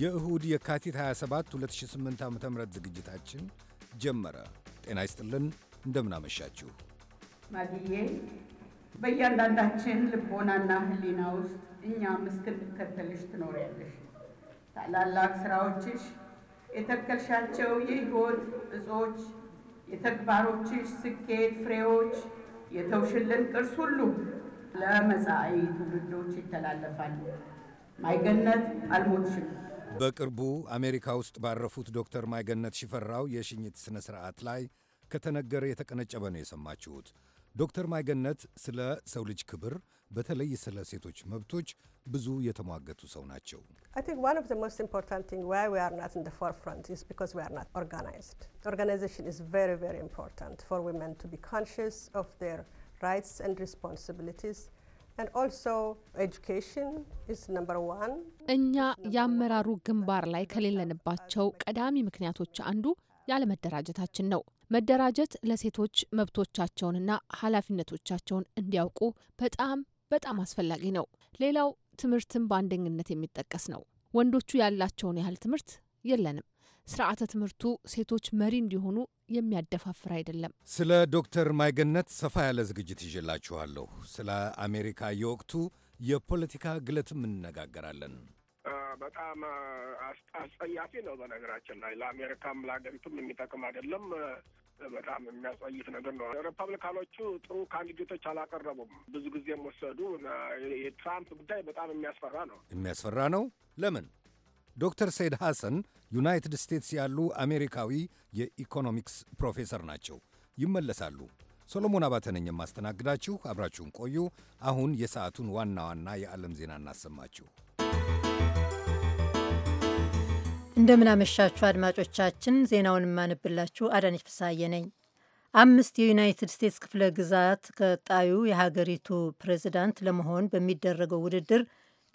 የእሁድ የካቲት 27 2008 ዓ ም ዝግጅታችን ጀመረ። ጤና ይስጥልን፣ እንደምናመሻችሁ ማግዬ በእያንዳንዳችን ልቦናና ሕሊና ውስጥ እኛም እስክንከተልሽ ትኖሪያለሽ። ታላላቅ ስራዎችሽ የተከልሻቸው የህይወት እጾች፣ የተግባሮችሽ ስኬት ፍሬዎች፣ የተውሽልን ቅርስ ሁሉ ለመጻኢ ትውልዶች ይተላለፋል። ማይገነት አልሞትሽም። በቅርቡ አሜሪካ ውስጥ ባረፉት ዶክተር ማይገነት ሽፈራው የሽኝት ሥነ ሥርዓት ላይ ከተነገረ የተቀነጨበ ነው የሰማችሁት። ዶክተር ማይገነት ስለ ሰው ልጅ ክብር በተለይ ስለ ሴቶች መብቶች ብዙ የተሟገቱ ሰው ናቸው። ኦርጋናይዜሽን እኛ የአመራሩ ግንባር ላይ ከሌለንባቸው ቀዳሚ ምክንያቶች አንዱ ያለመደራጀታችን ነው። መደራጀት ለሴቶች መብቶቻቸውንና ኃላፊነቶቻቸውን እንዲያውቁ በጣም በጣም አስፈላጊ ነው። ሌላው ትምህርትን በአንደኝነት የሚጠቀስ ነው። ወንዶቹ ያላቸውን ያህል ትምህርት የለንም። ስርዓተ ትምህርቱ ሴቶች መሪ እንዲሆኑ የሚያደፋፍር አይደለም። ስለ ዶክተር ማይገነት ሰፋ ያለ ዝግጅት ይዤላችኋለሁ። ስለ አሜሪካ የወቅቱ የፖለቲካ ግለትም እንነጋገራለን። በጣም አስጸያፊ ነው። በነገራችን ላይ ለአሜሪካም ለሀገሪቱም የሚጠቅም አይደለም። በጣም የሚያስጠይፍ ነገር ነው። ሪፐብሊካኖቹ ጥሩ ካንዲዴቶች አላቀረቡም። ብዙ ጊዜም ወሰዱ። የትራምፕ ጉዳይ በጣም የሚያስፈራ ነው። የሚያስፈራ ነው። ለምን? ዶክተር ሰይድ ሐሰን ዩናይትድ ስቴትስ ያሉ አሜሪካዊ የኢኮኖሚክስ ፕሮፌሰር ናቸው። ይመለሳሉ። ሰሎሞን አባተ ነኝ የማስተናግዳችሁ። አብራችሁን ቆዩ። አሁን የሰዓቱን ዋና ዋና የዓለም ዜና እናሰማችሁ። እንደምናመሻችሁ አድማጮቻችን፣ ዜናውን የማንብላችሁ አዳነች ፍሳዬ ነኝ። አምስት የዩናይትድ ስቴትስ ክፍለ ግዛት ከጣዩ የሀገሪቱ ፕሬዚዳንት ለመሆን በሚደረገው ውድድር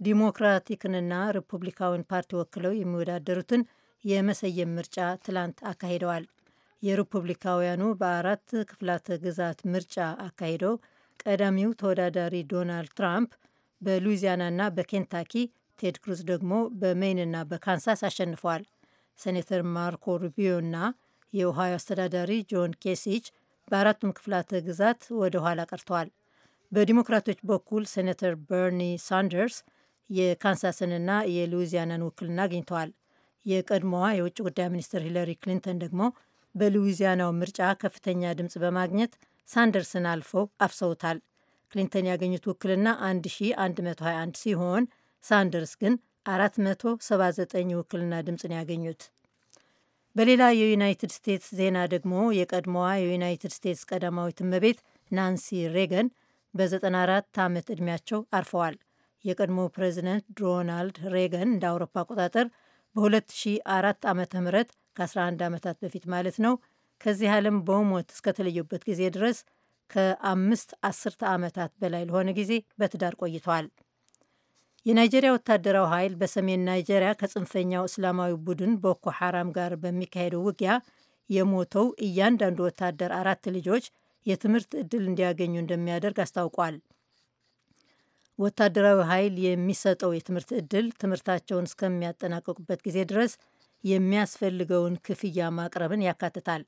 ዲሞክራቲክንና ሪፑብሊካዊን ፓርቲ ወክለው የሚወዳደሩትን የመሰየም ምርጫ ትላንት አካሂደዋል። የሪፑብሊካውያኑ በአራት ክፍላተ ግዛት ምርጫ አካሂደው ቀዳሚው ተወዳዳሪ ዶናልድ ትራምፕ በሉዊዚያናና በኬንታኪ፣ ቴድ ክሩዝ ደግሞ በሜይንና በካንሳስ አሸንፈዋል። ሴኔተር ማርኮ ሩቢዮና የኦሃዮ አስተዳዳሪ ጆን ኬሲች በአራቱም ክፍላተ ግዛት ወደ ኋላ ቀርተዋል። በዲሞክራቶች በኩል ሴኔተር በርኒ ሳንደርስ የካንሳስንና የሉዊዚያናን ውክልና አግኝተዋል። የቀድሞዋ የውጭ ጉዳይ ሚኒስትር ሂለሪ ክሊንተን ደግሞ በሉዊዚያናው ምርጫ ከፍተኛ ድምፅ በማግኘት ሳንደርስን አልፈው አፍሰውታል። ክሊንተን ያገኙት ውክልና 1121 ሲሆን ሳንደርስ ግን 479 ውክልና ድምፅን ያገኙት። በሌላ የዩናይትድ ስቴትስ ዜና ደግሞ የቀድሞዋ የዩናይትድ ስቴትስ ቀዳማዊት እመቤት ናንሲ ሬገን በ94 ዓመት ዕድሜያቸው አርፈዋል። የቀድሞ ፕሬዚደንት ሮናልድ ሬገን እንደ አውሮፓ አቆጣጠር በ2004 ዓ ም ከ11 ዓመታት በፊት ማለት ነው ከዚህ ዓለም በሞት እስከተለዩበት ጊዜ ድረስ ከአምስት አስርተ ዓመታት በላይ ለሆነ ጊዜ በትዳር ቆይተዋል። የናይጄሪያ ወታደራዊ ኃይል በሰሜን ናይጄሪያ ከጽንፈኛው እስላማዊ ቡድን ቦኮ ሐራም ጋር በሚካሄደው ውጊያ የሞተው እያንዳንዱ ወታደር አራት ልጆች የትምህርት ዕድል እንዲያገኙ እንደሚያደርግ አስታውቋል። ወታደራዊ ኃይል የሚሰጠው የትምህርት ዕድል ትምህርታቸውን እስከሚያጠናቀቁበት ጊዜ ድረስ የሚያስፈልገውን ክፍያ ማቅረብን ያካትታል።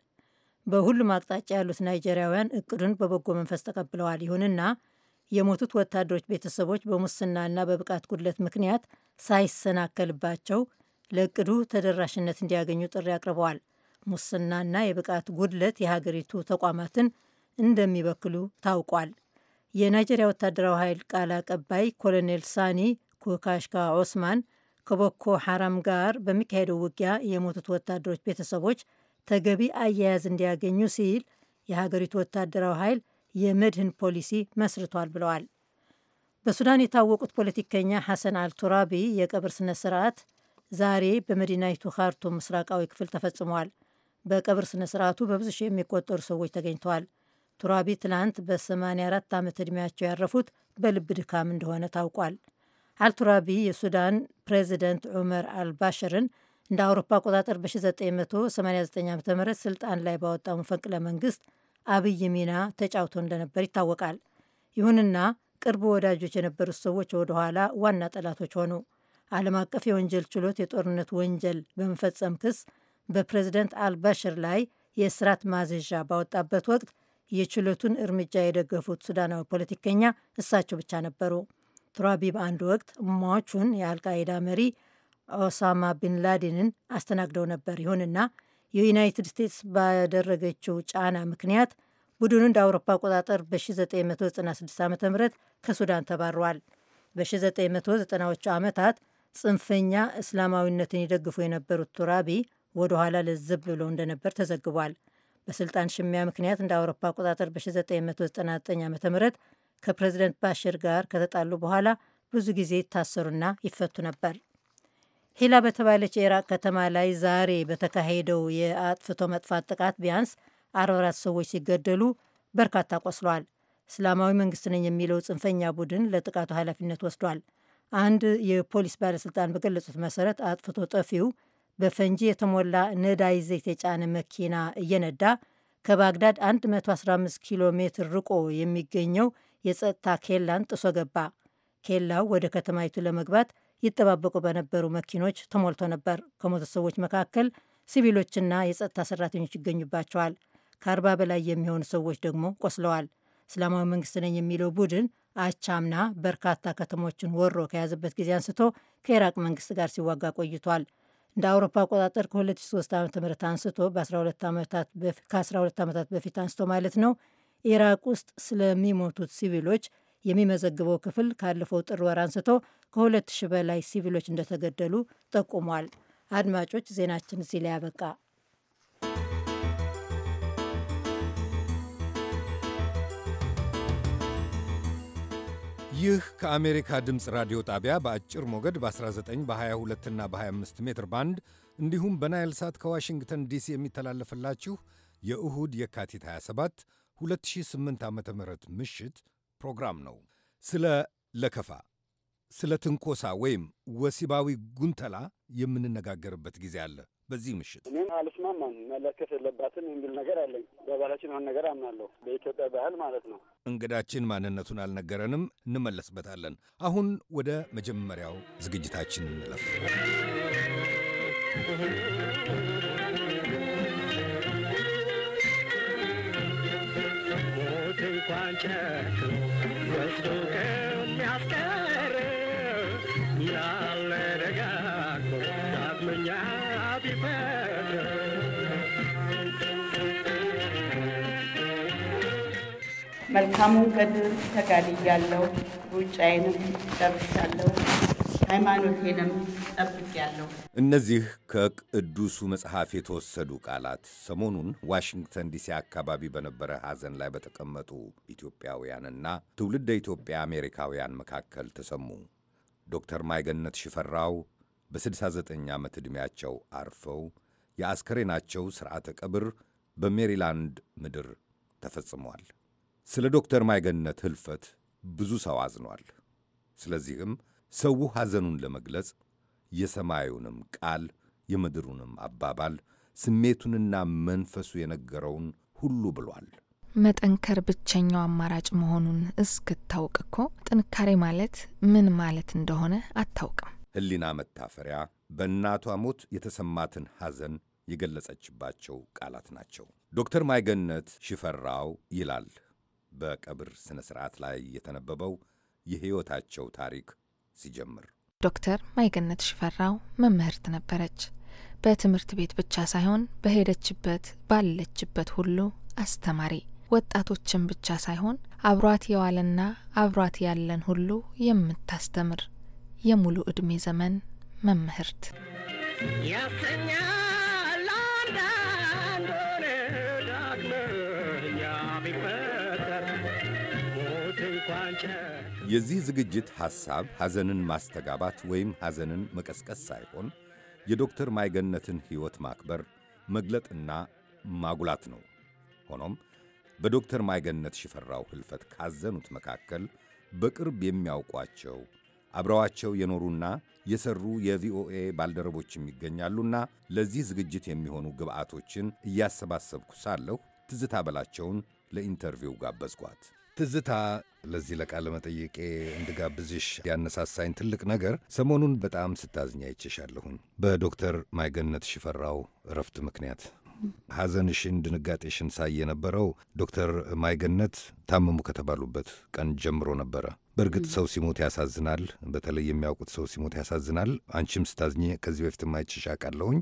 በሁሉም አቅጣጫ ያሉት ናይጄሪያውያን እቅዱን በበጎ መንፈስ ተቀብለዋል። ይሁንና የሞቱት ወታደሮች ቤተሰቦች በሙስናና በብቃት ጉድለት ምክንያት ሳይሰናከልባቸው ለእቅዱ ተደራሽነት እንዲያገኙ ጥሪ አቅርበዋል። ሙስናና የብቃት ጉድለት የሀገሪቱ ተቋማትን እንደሚበክሉ ታውቋል። የናይጄሪያ ወታደራዊ ኃይል ቃል አቀባይ ኮሎኔል ሳኒ ኩካሽካ ኦስማን ከቦኮ ሐራም ጋር በሚካሄደው ውጊያ የሞቱት ወታደሮች ቤተሰቦች ተገቢ አያያዝ እንዲያገኙ ሲል የሀገሪቱ ወታደራዊ ኃይል የመድህን ፖሊሲ መስርቷል ብለዋል። በሱዳን የታወቁት ፖለቲከኛ ሐሰን አልቱራቢ የቀብር ስነ ስርዓት ዛሬ በመዲናይቱ ካርቱም ምስራቃዊ ክፍል ተፈጽሟል። በቀብር ስነ ስርዓቱ በብዙ ሺህ የሚቆጠሩ ሰዎች ተገኝተዋል። ቱራቢ ትላንት በ84 ዓመት ዕድሜያቸው ያረፉት በልብ ድካም እንደሆነ ታውቋል። አልቱራቢ የሱዳን ፕሬዚደንት ዑመር አልባሽርን እንደ አውሮፓ አቆጣጠር በ1989 ዓ ም ስልጣን ላይ ባወጣው መፈንቅለ መንግስት አብይ ሚና ተጫውቶ እንደነበር ይታወቃል። ይሁንና ቅርብ ወዳጆች የነበሩት ሰዎች ወደ ኋላ ዋና ጠላቶች ሆኑ። ዓለም አቀፍ የወንጀል ችሎት የጦርነት ወንጀል በመፈጸም ክስ በፕሬዚደንት አልባሽር ላይ የእስራት ማዘዣ ባወጣበት ወቅት የችሎቱን እርምጃ የደገፉት ሱዳናዊ ፖለቲከኛ እሳቸው ብቻ ነበሩ። ቱራቢ በአንድ ወቅት ሟቹን የአልቃይዳ መሪ ኦሳማ ቢን አስተናግደው ነበር። ይሁንና የዩናይትድ ስቴትስ ባደረገችው ጫና ምክንያት ቡድኑ እንደ አውሮፓ አቆጣጠር በ1996 ዓ ም ከሱዳን ተባሯል። በ1990ዎቹ ዓመታት ጽንፈኛ እስላማዊነትን ይደግፉ የነበሩት ቱራቢ ወደ ኋላ ለዘብ ብለው እንደነበር ተዘግቧል። በስልጣን ሽሚያ ምክንያት እንደ አውሮፓ አቆጣጠር በ1999 ዓ ም ከፕሬዚደንት ባሽር ጋር ከተጣሉ በኋላ ብዙ ጊዜ ይታሰሩና ይፈቱ ነበር። ሂላ በተባለች የኢራቅ ከተማ ላይ ዛሬ በተካሄደው የአጥፍቶ መጥፋት ጥቃት ቢያንስ 44 ሰዎች ሲገደሉ በርካታ ቆስሏል። እስላማዊ መንግስት ነኝ የሚለው ጽንፈኛ ቡድን ለጥቃቱ ኃላፊነት ወስዷል። አንድ የፖሊስ ባለስልጣን በገለጹት መሰረት አጥፍቶ ጠፊው በፈንጂ የተሞላ ነዳይ ዘይት የጫነ መኪና እየነዳ ከባግዳድ 115 ኪሎ ሜትር ርቆ የሚገኘው የጸጥታ ኬላን ጥሶ ገባ። ኬላው ወደ ከተማይቱ ለመግባት ይጠባበቁ በነበሩ መኪኖች ተሞልቶ ነበር። ከሞቱ ሰዎች መካከል ሲቪሎችና የጸጥታ ሰራተኞች ይገኙባቸዋል። ከአርባ በላይ የሚሆኑ ሰዎች ደግሞ ቆስለዋል። እስላማዊ መንግስት ነኝ የሚለው ቡድን አቻምና በርካታ ከተሞችን ወሮ ከያዘበት ጊዜ አንስቶ ከኢራቅ መንግስት ጋር ሲዋጋ ቆይቷል። እንደ አውሮፓ አቆጣጠር ከ2003 ዓ ም አንስቶ ከ12 ዓመታት በፊት አንስቶ ማለት ነው ኢራቅ ውስጥ ስለሚሞቱት ሲቪሎች የሚመዘግበው ክፍል ካለፈው ጥር ወር አንስቶ ከ200 በላይ ሲቪሎች እንደተገደሉ ጠቁሟል። አድማጮች ዜናችን እዚህ ላይ ያበቃ። ይህ ከአሜሪካ ድምፅ ራዲዮ ጣቢያ በአጭር ሞገድ በ19 በ22 እና በ25 ሜትር ባንድ እንዲሁም በናይል ሳት ከዋሽንግተን ዲሲ የሚተላለፍላችሁ የእሁድ የካቲት 27 2008 ዓ ም ምሽት ፕሮግራም ነው። ስለ ለከፋ፣ ስለ ትንኮሳ ወይም ወሲባዊ ጉንተላ የምንነጋገርበት ጊዜ አለ። በዚህ ምሽት እኔም አልስማማም መለከት የለባትም የሚል ነገር አለኝ። በባህላችን የሆነ ነገር አምናለሁ፣ በኢትዮጵያ ባህል ማለት ነው። እንግዳችን ማንነቱን አልነገረንም፣ እንመለስበታለን። አሁን ወደ መጀመሪያው ዝግጅታችን እንለፍ። ሞት እንኳን ጨክኖ ወስዶ ከመንገድ ተጋድያለሁ፣ ሩጫዬንም ጨርሻለሁ፣ ሃይማኖቴንም ጠብቄያለሁ። እነዚህ ከቅዱሱ መጽሐፍ የተወሰዱ ቃላት ሰሞኑን ዋሽንግተን ዲሲ አካባቢ በነበረ ሐዘን ላይ በተቀመጡ ኢትዮጵያውያንና ትውልደ ኢትዮጵያ አሜሪካውያን መካከል ተሰሙ። ዶክተር ማይገነት ሽፈራው በ69 ዓመት ዕድሜያቸው አርፈው የአስከሬናቸው ሥርዓተ ቀብር በሜሪላንድ ምድር ተፈጽሟል። ስለ ዶክተር ማይገነት ህልፈት ብዙ ሰው አዝኗል። ስለዚህም ሰው ሐዘኑን ለመግለጽ የሰማዩንም ቃል የምድሩንም አባባል ስሜቱንና መንፈሱ የነገረውን ሁሉ ብሏል። መጠንከር ብቸኛው አማራጭ መሆኑን እስክታውቅ እኮ ጥንካሬ ማለት ምን ማለት እንደሆነ አታውቅም። ህሊና መታፈሪያ በእናቷ ሞት የተሰማትን ሐዘን የገለጸችባቸው ቃላት ናቸው። ዶክተር ማይገነት ሽፈራው ይላል በቀብር ሥነ ሥርዓት ላይ የተነበበው የሕይወታቸው ታሪክ ሲጀምር ዶክተር ማይገነት ሽፈራው መምህርት ነበረች። በትምህርት ቤት ብቻ ሳይሆን በሄደችበት ባለችበት ሁሉ አስተማሪ፣ ወጣቶችን ብቻ ሳይሆን አብሯት የዋለና አብሯት ያለን ሁሉ የምታስተምር የሙሉ ዕድሜ ዘመን መምህርት ያሰኛል። የዚህ ዝግጅት ሐሳብ ሐዘንን ማስተጋባት ወይም ሐዘንን መቀስቀስ ሳይሆን የዶክተር ማይገነትን ሕይወት ማክበር መግለጥና ማጉላት ነው። ሆኖም በዶክተር ማይገነት ሽፈራው ሕልፈት ካዘኑት መካከል በቅርብ የሚያውቋቸው አብረዋቸው የኖሩና የሰሩ የቪኦኤ ባልደረቦችም ይገኛሉና ለዚህ ዝግጅት የሚሆኑ ግብአቶችን እያሰባሰብኩ ሳለሁ ትዝታ በላቸውን ለኢንተርቪው ጋበዝኳት። ትዝታ ለዚህ ለቃለ መጠይቄ እንድጋብዝሽ ያነሳሳኝ ትልቅ ነገር ሰሞኑን በጣም ስታዝኝ አይቼሻለሁኝ በዶክተር ማይገነት ሽፈራው እረፍት ምክንያት ሐዘንሽን ድንጋጤሽን ሳይ የነበረው ዶክተር ማይገነት ታመሙ ከተባሉበት ቀን ጀምሮ ነበረ። በእርግጥ ሰው ሲሞት ያሳዝናል። በተለይ የሚያውቁት ሰው ሲሞት ያሳዝናል። አንቺም ስታዝኝ ከዚህ በፊት ማይችሻ ቃለውኝ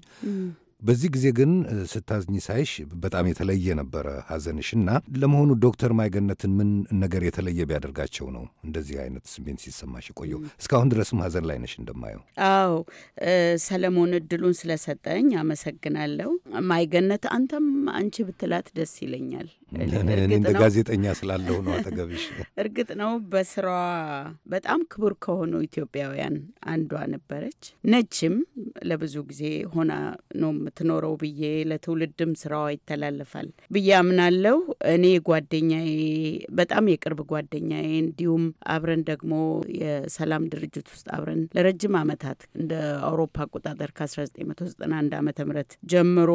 በዚህ ጊዜ ግን ስታዝኝ ሳይሽ በጣም የተለየ ነበረ ሐዘንሽ። እና ለመሆኑ ዶክተር ማይገነትን ምን ነገር የተለየ ቢያደርጋቸው ነው እንደዚህ አይነት ስሜት ሲሰማሽ የቆየው? እስካሁን ድረስም ሐዘን ላይ ነሽ እንደማየው። አዎ፣ ሰለሞን እድሉን ስለሰጠኝ አመሰግናለሁ። ማይገነት አንተም አንቺ ብትላት ደስ ይለኛል። እንደ ጋዜጠኛ ስላለሁ ነው አጠገብሽ። እርግጥ ነው በስራዋ በጣም ክቡር ከሆኑ ኢትዮጵያውያን አንዷ ነበረች ነችም። ለብዙ ጊዜ ሆና ነው የምትኖረው ብዬ ለትውልድም ስራዋ ይተላለፋል ብዬ አምናለሁ። እኔ ጓደኛዬ፣ በጣም የቅርብ ጓደኛዬ እንዲሁም አብረን ደግሞ የሰላም ድርጅት ውስጥ አብረን ለረጅም አመታት እንደ አውሮፓ አቆጣጠር ከ1991 ዓ ም ጀምሮ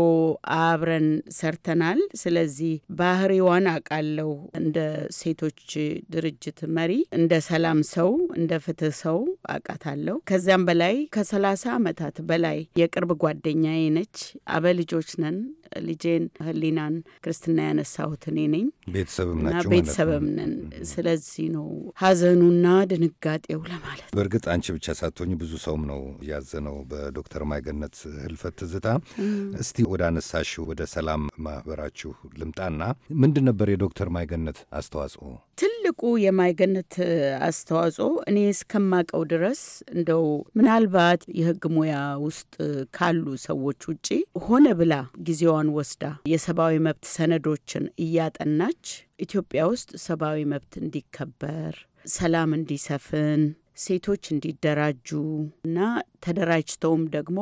አብረን ሰርተናል። ስለዚህ ባህል ባህሪዋን አውቃለሁ። እንደ ሴቶች ድርጅት መሪ፣ እንደ ሰላም ሰው፣ እንደ ፍትህ ሰው አውቃታለሁ። ከዚያም በላይ ከሰላሳ ዓመታት በላይ የቅርብ ጓደኛዬ ነች። አበልጆች ነን። ልጄን ህሊናን ክርስትና ያነሳሁት እኔ ነኝ። ቤተሰብም ናቸው ቤተሰብም ነን። ስለዚህ ነው ሀዘኑና ድንጋጤው ለማለት። በእርግጥ አንቺ ብቻ ሳትሆኝ ብዙ ሰውም ነው ያዘነው በዶክተር ማይገነት ህልፈት ትዝታ። እስቲ ወደ አነሳሽው ወደ ሰላም ማህበራችሁ ልምጣና ምንድን ነበር የዶክተር ማይገነት አስተዋጽኦ? ትልቁ የማይገነት አስተዋጽኦ እኔ እስከማቀው ድረስ እንደው ምናልባት የህግ ሙያ ውስጥ ካሉ ሰዎች ውጪ ሆነ ብላ ጊዜዋን ስልጠናዋን ወስዳ የሰብአዊ መብት ሰነዶችን እያጠናች ኢትዮጵያ ውስጥ ሰብአዊ መብት እንዲከበር፣ ሰላም እንዲሰፍን፣ ሴቶች እንዲደራጁ እና ተደራጅተውም ደግሞ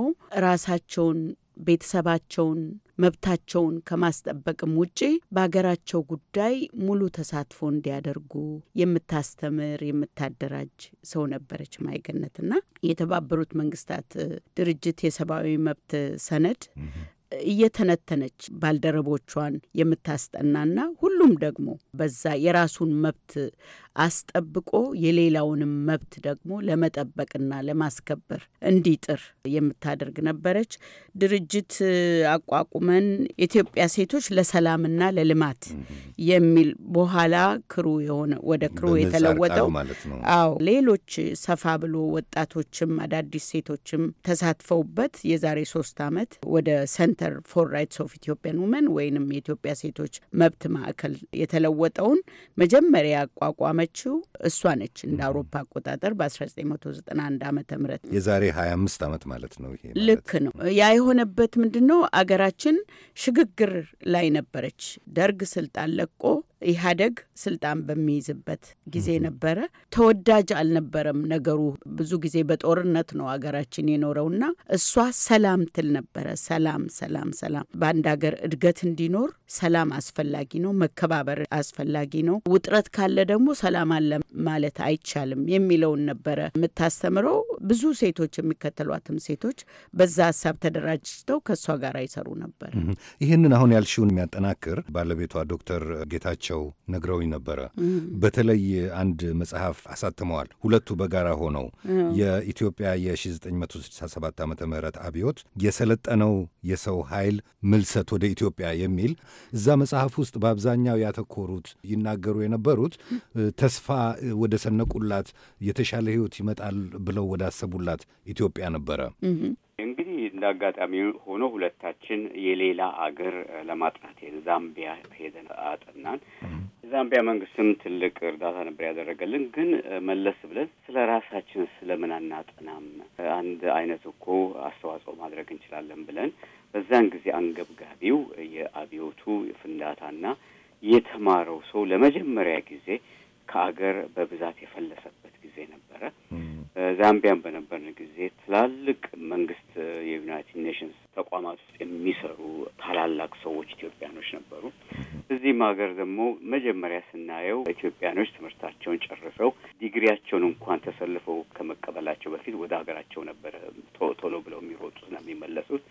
ራሳቸውን ቤተሰባቸውን መብታቸውን ከማስጠበቅም ውጪ በሀገራቸው ጉዳይ ሙሉ ተሳትፎ እንዲያደርጉ የምታስተምር የምታደራጅ ሰው ነበረች ማይገነትና የተባበሩት መንግስታት ድርጅት የሰብአዊ መብት ሰነድ እየተነተነች ባልደረቦቿን የምታስጠናና ሁሉም ደግሞ በዛ የራሱን መብት አስጠብቆ የሌላውንም መብት ደግሞ ለመጠበቅና ለማስከበር እንዲጥር የምታደርግ ነበረች። ድርጅት አቋቁመን ኢትዮጵያ ሴቶች ለሰላምና ለልማት የሚል በኋላ ክሩ የሆነ ወደ ክሩ የተለወጠው አዎ፣ ሌሎች ሰፋ ብሎ ወጣቶችም አዳዲስ ሴቶችም ተሳትፈውበት የዛሬ ሶስት ዓመት ወደ ሰንት ሴንተር ፎር ራይትስ ኦፍ ኢትዮጵያን ውመን ወይንም የኢትዮጵያ ሴቶች መብት ማዕከል የተለወጠውን መጀመሪያ ያቋቋመችው እሷ ነች እንደ አውሮፓ አቆጣጠር በ1991 ዓ ም የዛሬ 25 ዓመት ማለት ነው። ይሄ ልክ ነው። ያ የሆነበት ምንድን ነው? አገራችን ሽግግር ላይ ነበረች። ደርግ ስልጣን ለቆ ኢህአደግ ስልጣን በሚይዝበት ጊዜ ነበረ። ተወዳጅ አልነበረም ነገሩ። ብዙ ጊዜ በጦርነት ነው ሀገራችን የኖረውና እሷ ሰላም ትል ነበረ። ሰላም ሰላም ሰላም። በአንድ ሀገር እድገት እንዲኖር ሰላም አስፈላጊ ነው፣ መከባበር አስፈላጊ ነው። ውጥረት ካለ ደግሞ ሰላም አለ ማለት አይቻልም የሚለውን ነበረ የምታስተምረው። ብዙ ሴቶች የሚከተሏትም ሴቶች በዛ ሀሳብ ተደራጅተው ከእሷ ጋር ይሰሩ ነበር። ይህንን አሁን ያልሽውን የሚያጠናክር ባለቤቷ ዶክተር ጌታቸው እንዳላቸው ነግረውኝ ነበረ። በተለይ አንድ መጽሐፍ አሳትመዋል ሁለቱ በጋራ ሆነው የኢትዮጵያ የ1967 ዓ ም አብዮት የሰለጠነው የሰው ኃይል ምልሰት ወደ ኢትዮጵያ የሚል እዛ መጽሐፍ ውስጥ በአብዛኛው ያተኮሩት ይናገሩ የነበሩት ተስፋ ወደ ሰነቁላት የተሻለ ህይወት ይመጣል ብለው ወዳሰቡላት ኢትዮጵያ ነበረ። እንግዲህ እንደ አጋጣሚ ሆኖ ሁለታችን የሌላ አገር ለማጥናት ዛምቢያ ሄደን አጥናን። የዛምቢያ መንግስትም ትልቅ እርዳታ ነበር ያደረገልን። ግን መለስ ብለን ስለ ራሳችን ስለምን አናጠናም? አንድ አይነት እኮ አስተዋጽኦ ማድረግ እንችላለን ብለን በዛን ጊዜ አንገብጋቢው የአብዮቱ ፍንዳታና የተማረው ሰው ለመጀመሪያ ጊዜ ከአገር በብዛት የፈለሰ ነበረ። ዛምቢያን በነበርን ጊዜ ትላልቅ መንግስት የዩናይትድ ኔሽንስ ተቋማት ውስጥ የሚሰሩ ታላላቅ ሰዎች ኢትዮጵያኖች ነበሩ። እዚህም ሀገር ደግሞ መጀመሪያ ስናየው ኢትዮጵያኖች ትምህርታቸውን ጨርሰው ዲግሪያቸውን እንኳን ተሰልፈው ከመቀበላቸው በፊት ወደ ሀገራቸው ነበረ ቶሎ ብለው ነው የሚመለሱት።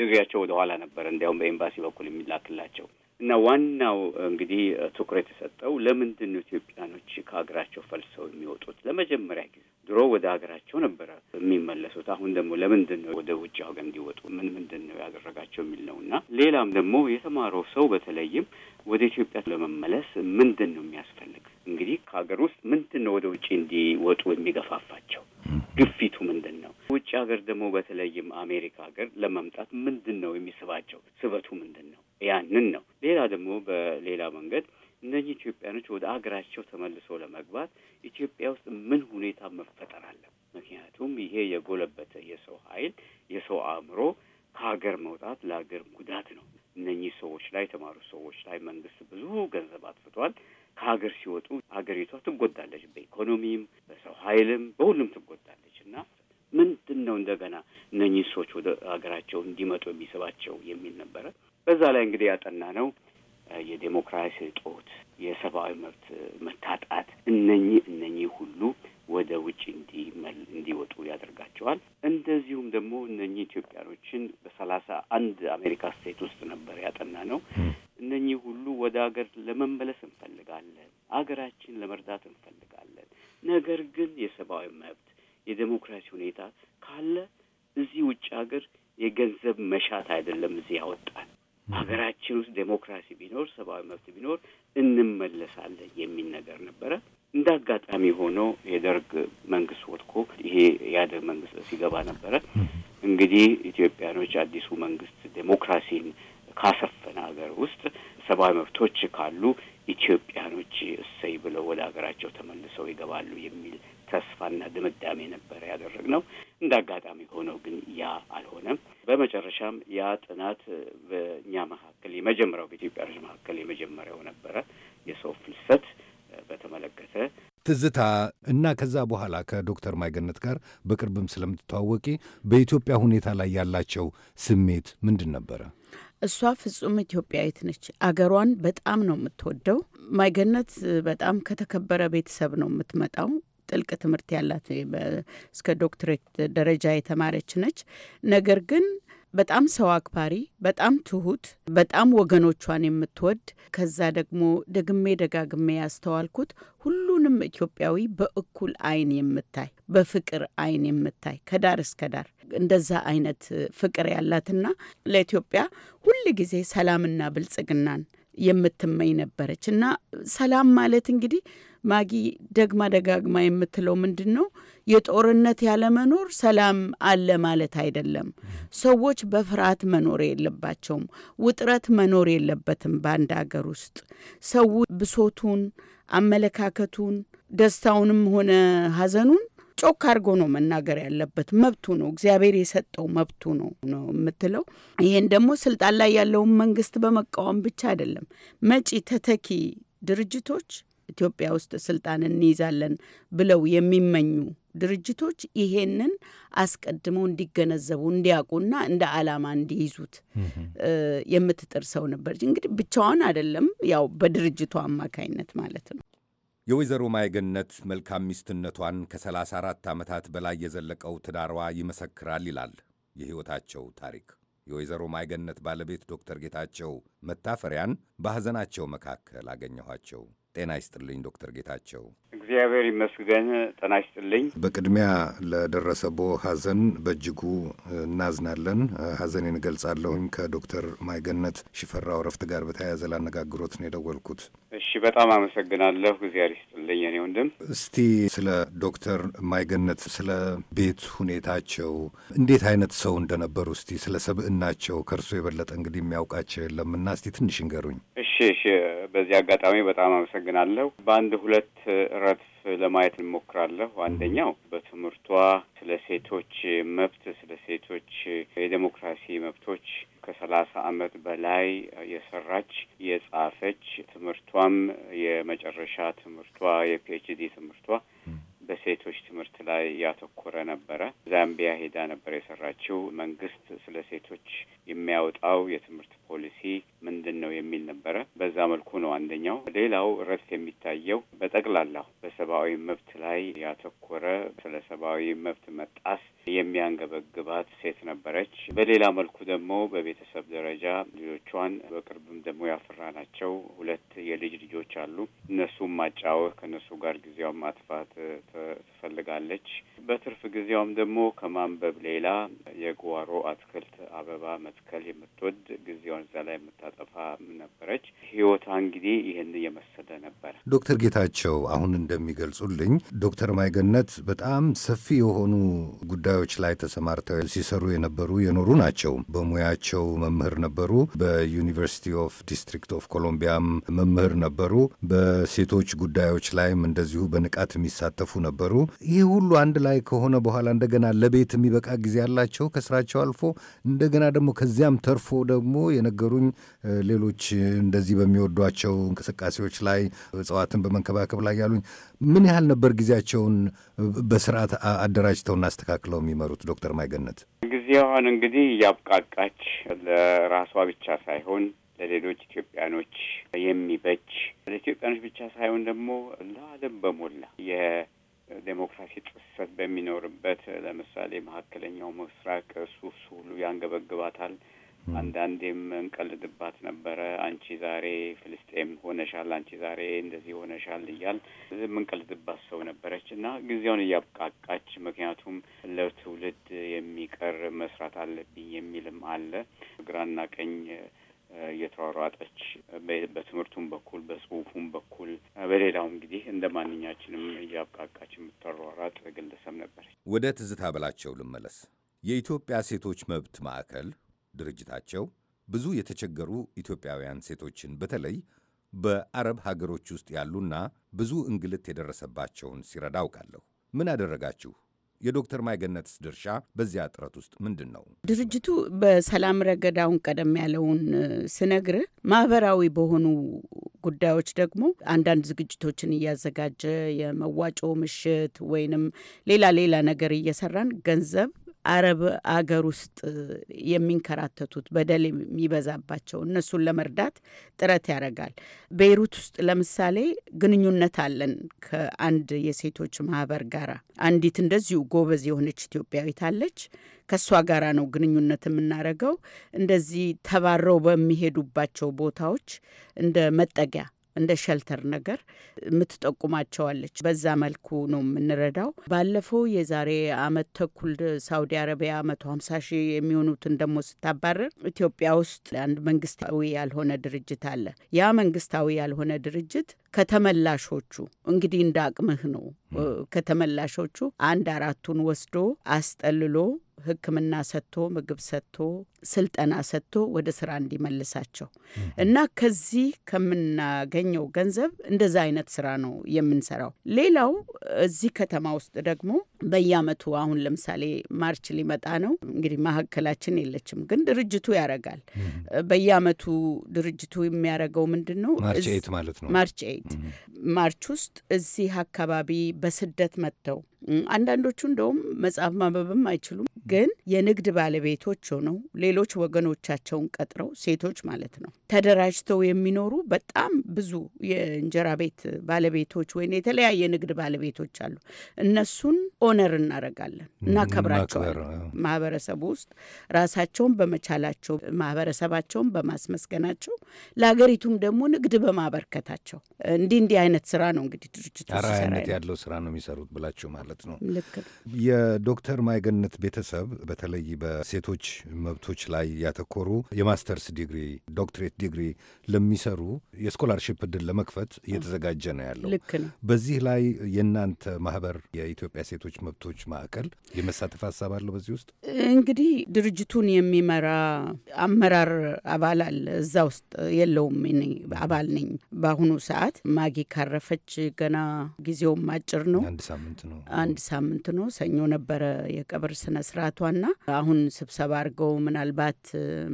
ዲግሪያቸው ወደ ኋላ ነበረ እንዲያውም በኤምባሲ በኩል የሚላክላቸው እና ዋናው እንግዲህ ትኩረት የሰጠው ለምንድን ነው ኢትዮጵያኖች ከሀገራቸው ፈልሰው የሚወጡት? ለመጀመሪያ ጊዜ ድሮ ወደ ሀገራቸው ነበረ የሚመለሱት። አሁን ደግሞ ለምንድን ነው ወደ ውጭ ሀገር እንዲወጡ ምን ምንድን ነው ያደረጋቸው የሚል ነው እና ሌላም ደግሞ የተማረው ሰው በተለይም ወደ ኢትዮጵያ ለመመለስ ምንድን ነው የሚያስፈልግ? እንግዲህ ከሀገር ውስጥ ምንድን ነው ወደ ውጭ እንዲወጡ የሚገፋፋቸው ግፊቱ ምንድን ነው? ውጭ ሀገር ደግሞ በተለይም አሜሪካ ሀገር ለመምጣት ምንድን ነው የሚስባቸው? ስበቱ ምንድን ነው? ያንን ነው። ሌላ ደግሞ በሌላ መንገድ እነዚህ ኢትዮጵያኖች ወደ አገራቸው ተመልሶ ለመግባት ኢትዮጵያ ውስጥ ምን ሁኔታ መፈጠር አለ? ምክንያቱም ይሄ የጎለበተ የሰው ኃይል የሰው አእምሮ ከሀገር መውጣት ለሀገር ጉዳት ነው። እነኚህ ሰዎች ላይ የተማሩ ሰዎች ላይ መንግስት ብዙ ገንዘብ አጥፍቷል። ከሀገር ሲወጡ ሀገሪቷ ትጎዳለች፣ በኢኮኖሚም በሰው ኃይልም በሁሉም ትጎዳለች። እና ምንድን ነው እንደገና እነኚህ ሰዎች ወደ ሀገራቸው እንዲመጡ የሚስባቸው የሚል ነበረ። በዛ ላይ እንግዲህ ያጠና ነው የዴሞክራሲ እጦት፣ የሰብአዊ መብት መታጣት እነኚህ እነኚህ ሁሉ ወደ ውጭ እንዲወጡ ያደርጋቸዋል። እንደዚሁም ደግሞ እነኚህ ኢትዮጵያኖችን በሰላሳ አንድ አሜሪካ ስቴት ውስጥ ነበር ያጠና ነው። እነኚህ ሁሉ ወደ ሀገር ለመመለስ እንፈልጋለን፣ አገራችን ለመርዳት እንፈልጋለን። ነገር ግን የሰብአዊ መብት የዴሞክራሲ ሁኔታ ካለ እዚህ ውጭ ሀገር የገንዘብ መሻት አይደለም እዚህ ያወጣል ሀገራችን ውስጥ ዴሞክራሲ ቢኖር ሰብአዊ መብት ቢኖር እንመለሳለን የሚል ነገር ነበረ። እንደ አጋጣሚ ሆኖ የደርግ መንግስት ወድቆ ይሄ የኢህአዴግ መንግስት ሲገባ ነበረ። እንግዲህ ኢትዮጵያኖች አዲሱ መንግስት ዴሞክራሲን ካሰፈነ ሀገር ውስጥ ሰብአዊ መብቶች ካሉ ኢትዮጵያኖች እሰይ ብለው ወደ ሀገራቸው ተመልሰው ይገባሉ የሚል ተስፋና ድምዳሜ ነበረ ያደረግነው። እንደ አጋጣሚ ሆኖ ግን ያ አልሆነም። በመጨረሻም ያ ጥናት በእኛ መካከል የመጀመሪያው በኢትዮጵያኖች መካከል የመጀመሪያው ነበረ የሰው ፍልሰት በተመለከተ ትዝታ እና ከዛ በኋላ ከዶክተር ማይገነት ጋር በቅርብም ስለምትተዋወቂ በኢትዮጵያ ሁኔታ ላይ ያላቸው ስሜት ምንድን ነበረ? እሷ ፍጹም ኢትዮጵያዊት ነች። አገሯን በጣም ነው የምትወደው። ማይገነት በጣም ከተከበረ ቤተሰብ ነው የምትመጣው። ጥልቅ ትምህርት ያላት እስከ ዶክትሬት ደረጃ የተማረች ነች። ነገር ግን በጣም ሰው አክባሪ፣ በጣም ትሁት፣ በጣም ወገኖቿን የምትወድ ከዛ ደግሞ ደግሜ ደጋግሜ ያስተዋልኩት ሁሉንም ኢትዮጵያዊ በእኩል አይን የምታይ በፍቅር አይን የምታይ ከዳር እስከ ዳር እንደዛ አይነት ፍቅር ያላትና ለኢትዮጵያ ሁል ጊዜ ሰላምና ብልጽግናን የምትመኝ ነበረች እና ሰላም ማለት እንግዲህ ማጊ ደግማ ደጋግማ የምትለው ምንድን ነው የጦርነት ያለመኖር ሰላም አለ ማለት አይደለም። ሰዎች በፍርሃት መኖር የለባቸውም። ውጥረት መኖር የለበትም። በአንድ አገር ውስጥ ሰው ብሶቱን፣ አመለካከቱን፣ ደስታውንም ሆነ ሀዘኑን? ጮክ አድርጎ ነው መናገር ያለበት። መብቱ ነው፣ እግዚአብሔር የሰጠው መብቱ ነው ነው የምትለው። ይህን ደግሞ ስልጣን ላይ ያለውን መንግስት በመቃወም ብቻ አይደለም። መጪ ተተኪ ድርጅቶች ኢትዮጵያ ውስጥ ስልጣን እንይዛለን ብለው የሚመኙ ድርጅቶች ይሄንን አስቀድመው እንዲገነዘቡ እንዲያውቁና እንደ ዓላማ እንዲይዙት የምትጥር ሰው ነበር። እንግዲህ ብቻዋን አይደለም፣ ያው በድርጅቱ አማካይነት ማለት ነው። የወይዘሮ ማይገነት መልካም ሚስትነቷን ከ34 ዓመታት በላይ የዘለቀው ትዳሯ ይመሰክራል ይላል የሕይወታቸው ታሪክ። የወይዘሮ ማይገነት ባለቤት ዶክተር ጌታቸው መታፈሪያን በሐዘናቸው መካከል አገኘኋቸው። ጤና ይስጥልኝ ዶክተር ጌታቸው። እግዚአብሔር ይመስገን። ጤና ይስጥልኝ። በቅድሚያ ለደረሰቦ ሀዘን በእጅጉ እናዝናለን። ሀዘን እገልጻለሁኝ። ከዶክተር ማይገነት ሽፈራው እረፍት ጋር በተያያዘ ላነጋግሮት ነው የደወልኩት። እሺ፣ በጣም አመሰግናለሁ። እግዚአብሔር ይስጥልኝ። እኔ ወንድም፣ እስቲ ስለ ዶክተር ማይገነት ስለ ቤት ሁኔታቸው እንዴት አይነት ሰው እንደነበሩ እስቲ ስለ ሰብእናቸው ከእርሶ የበለጠ እንግዲህ የሚያውቃቸው የለምና እስቲ ትንሽ እንገሩኝ። እሺ፣ እሺ። በዚህ አጋጣሚ በጣም አመሰግ አመሰግናለሁ። በአንድ ሁለት ረድፍ ለማየት እንሞክራለሁ። አንደኛው በትምህርቷ ስለ ሴቶች መብት ስለ ሴቶች የዴሞክራሲ መብቶች ከሰላሳ አመት በላይ የሰራች የጻፈች ትምህርቷም የመጨረሻ ትምህርቷ የፒኤችዲ ትምህርቷ በሴቶች ትምህርት ላይ ያተኮረ ነበረ። ዛምቢያ ሄዳ ነበር የሰራችው። መንግስት ስለ ሴቶች የሚያወጣው የትምህርት ፖሊሲ ምንድን ነው የሚል ነበረ። በዛ መልኩ ነው አንደኛው። ሌላው ረድፍ የሚታየው በጠቅላላው በሰብአዊ መብት ላይ ያተኮረ ስለ ሰብአዊ መብት መጣስ የሚያንገበግባት ሴት ነበረች። በሌላ መልኩ ደግሞ በቤተሰብ ደረጃ ልጆቿን በቅርብም ደግሞ ያፈራናቸው ሁለት የልጅ ልጆች አሉ። እነሱም ማጫወት ከእነሱ ጋር ጊዜውን ማጥፋት ትፈልጋለች። በትርፍ ጊዜውም ደግሞ ከማንበብ ሌላ የጓሮ አትክልት አበባ መትከል የምትወድ ጊዜውን እዛ ላይ የምታጠፋ ነበረች። ህይወቷ እንግዲህ ይህን የመሰለ ነበር። ዶክተር ጌታቸው አሁን እንደሚገልጹልኝ ዶክተር ማይገነት በጣም ሰፊ የሆኑ ጉዳዮች ላይ ተሰማርተው ሲሰሩ የነበሩ የኖሩ ናቸው። በሙያቸው መምህር ነበሩ። በዩኒቨርሲቲ ኦፍ ዲስትሪክት ኦፍ ኮሎምቢያም መምህር ነበሩ። በሴቶች ጉዳዮች ላይም እንደዚሁ በንቃት የሚሳተፉ ነበሩ። ይህ ሁሉ አንድ ላይ ከሆነ በኋላ እንደገና ለቤት የሚበቃ ጊዜ ያላቸው ከስራቸው አልፎ እንደገና ደግሞ ከዚያም ተርፎ ደግሞ የነገሩኝ ሌሎች እንደዚህ በሚወዷቸው እንቅስቃሴዎች ላይ እጽዋትን በመንከባከብ ላይ ያሉኝ ምን ያህል ነበር ጊዜያቸውን በስርዓት አደራጅተውና አስተካክለው የሚመሩት? ዶክተር ማይገነት ጊዜዋን እንግዲህ እያብቃቃች ለራሷ ብቻ ሳይሆን ለሌሎች ኢትዮጵያኖች የሚበጅ ለኢትዮጵያኖች ብቻ ሳይሆን ደግሞ ለዓለም በሞላ ዴሞክራሲ ጥሰት በሚኖርበት ለምሳሌ መካከለኛው ምስራቅ እሱ ሁሉ ያንገበግባታል። አንዳንዴም እንቀልድባት ነበረ። አንቺ ዛሬ ፍልስጤም ሆነሻል፣ አንቺ ዛሬ እንደዚህ ሆነሻል እያል የምንቀልድባት ሰው ነበረች እና ጊዜውን እያብቃቃች ምክንያቱም ለትውልድ የሚቀር መስራት አለብኝ የሚልም አለ ግራና ቀኝ እየተሯሯጠች በትምህርቱም በኩል በጽሁፉም በኩል በሌላውም እንግዲህ እንደ ማንኛችንም እያብቃቃች የምትሯሯጥ ግለሰብ ነበር። ወደ ትዝታ በላቸው ልመለስ። የኢትዮጵያ ሴቶች መብት ማዕከል ድርጅታቸው ብዙ የተቸገሩ ኢትዮጵያውያን ሴቶችን በተለይ በአረብ ሀገሮች ውስጥ ያሉና ብዙ እንግልት የደረሰባቸውን ሲረዳ አውቃለሁ። ምን አደረጋችሁ? የዶክተር ማይገነትስ ድርሻ በዚያ ጥረት ውስጥ ምንድን ነው? ድርጅቱ በሰላም ረገድ አሁን ቀደም ያለውን ስነግር ማህበራዊ በሆኑ ጉዳዮች ደግሞ አንዳንድ ዝግጅቶችን እያዘጋጀ የመዋጮ ምሽት ወይንም ሌላ ሌላ ነገር እየሰራን ገንዘብ አረብ አገር ውስጥ የሚንከራተቱት በደል የሚበዛባቸው እነሱን ለመርዳት ጥረት ያደርጋል። ቤይሩት ውስጥ ለምሳሌ ግንኙነት አለን ከአንድ የሴቶች ማህበር ጋር። አንዲት እንደዚሁ ጎበዝ የሆነች ኢትዮጵያዊት አለች። ከእሷ ጋራ ነው ግንኙነት የምናደርገው። እንደዚህ ተባረው በሚሄዱባቸው ቦታዎች እንደ መጠጊያ እንደ ሸልተር ነገር የምትጠቁማቸዋለች። በዛ መልኩ ነው የምንረዳው። ባለፈው የዛሬ አመት ተኩል ሳውዲ አረቢያ መቶ ሀምሳ ሺህ የሚሆኑትን ደግሞ ስታባረር ኢትዮጵያ ውስጥ አንድ መንግስታዊ ያልሆነ ድርጅት አለ። ያ መንግስታዊ ያልሆነ ድርጅት ከተመላሾቹ እንግዲህ እንደ አቅምህ ነው። ከተመላሾቹ አንድ አራቱን ወስዶ አስጠልሎ ሕክምና ሰጥቶ ምግብ ሰጥቶ ስልጠና ሰጥቶ ወደ ስራ እንዲመልሳቸው እና ከዚህ ከምናገኘው ገንዘብ እንደዛ አይነት ስራ ነው የምንሰራው። ሌላው እዚህ ከተማ ውስጥ ደግሞ በየአመቱ አሁን ለምሳሌ ማርች ሊመጣ ነው እንግዲህ ማዕከላችን የለችም፣ ግን ድርጅቱ ያረጋል። በየአመቱ ድርጅቱ የሚያረገው ምንድን ነው? ማርች ማለት ነው። ማርች ማርች ውስጥ እዚህ አካባቢ በስደት መጥተው አንዳንዶቹ እንደውም መጽሐፍ ማንበብም አይችሉም፣ ግን የንግድ ባለቤቶች ሆነው ሌሎች ወገኖቻቸውን ቀጥረው ሴቶች ማለት ነው ተደራጅተው የሚኖሩ በጣም ብዙ የእንጀራ ቤት ባለቤቶች ወይም የተለያየ ንግድ ባለቤቶች አሉ። እነሱን ኦነር እናደርጋለን፣ እናከብራቸዋለን። ማህበረሰቡ ውስጥ ራሳቸውን በመቻላቸው ማህበረሰባቸውን በማስመስገናቸው ለሀገሪቱም ደግሞ ንግድ በማበርከታቸው እንዲህ እንዲህ አይነት ስራ ነው እንግዲህ ድርጅቱ ያለው ስራ ነው የሚሰሩት ብላችሁ ማለት ማለት ነው። የዶክተር ማይገነት ቤተሰብ በተለይ በሴቶች መብቶች ላይ ያተኮሩ የማስተርስ ዲግሪ ዶክትሬት ዲግሪ ለሚሰሩ የስኮላርሽፕ እድል ለመክፈት እየተዘጋጀ ነው ያለው። ልክ ነው። በዚህ ላይ የእናንተ ማህበር የኢትዮጵያ ሴቶች መብቶች ማዕከል የመሳተፍ ሀሳብ አለው። በዚህ ውስጥ እንግዲህ ድርጅቱን የሚመራ አመራር አባል አለ። እዛ ውስጥ የለውም፣ አባል ነኝ። በአሁኑ ሰዓት ማጊ ካረፈች ገና ጊዜውም አጭር ነው። አንድ ሳምንት ነው። አንድ ሳምንት ነው ሰኞ ነበረ የቀብር ስነ ስርዓቷና አሁን ስብሰባ አድርገው ምናልባት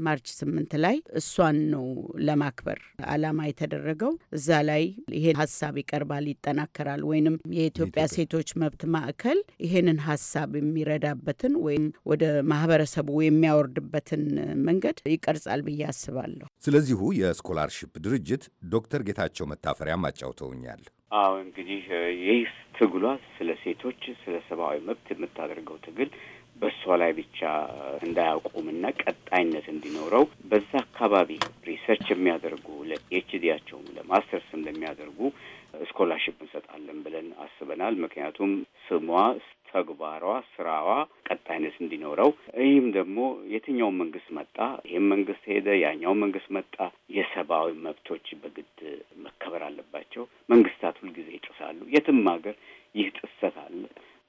ማርች ስምንት ላይ እሷን ነው ለማክበር አላማ የተደረገው። እዛ ላይ ይሄ ሀሳብ ይቀርባል፣ ይጠናከራል። ወይንም የኢትዮጵያ ሴቶች መብት ማዕከል ይሄንን ሀሳብ የሚረዳበትን ወይም ወደ ማህበረሰቡ የሚያወርድበትን መንገድ ይቀርጻል ብዬ አስባለሁ። ስለዚሁ የስኮላርሽፕ ድርጅት ዶክተር ጌታቸው መታፈሪያም አጫውተውኛል። አዎ እንግዲህ ይህ ትግሏ ስለ ሴቶች ስለ ሰብአዊ መብት የምታደርገው ትግል በእሷ ላይ ብቻ እንዳያቆምና ቀጣይነት እንዲኖረው በዛ አካባቢ ሪሰርች የሚያደርጉ ለፒኤችዲያቸውም ለማስተርስም ለሚያደርጉ ስኮላርሽፕ እንሰጣለን ብለን አስበናል። ምክንያቱም ስሟ፣ ተግባሯ፣ ስራዋ ቀጣይነት እንዲኖረው ይህም ደግሞ የትኛው መንግስት መጣ፣ ይህም መንግስት ሄደ፣ ያኛው መንግስት መጣ፣ የሰብአዊ መብቶች በግድ መከበር አለባቸው። መንግስታት ሁልጊዜ ይጥሳሉ። የትም ሀገር ይህ ጥሰት አለ።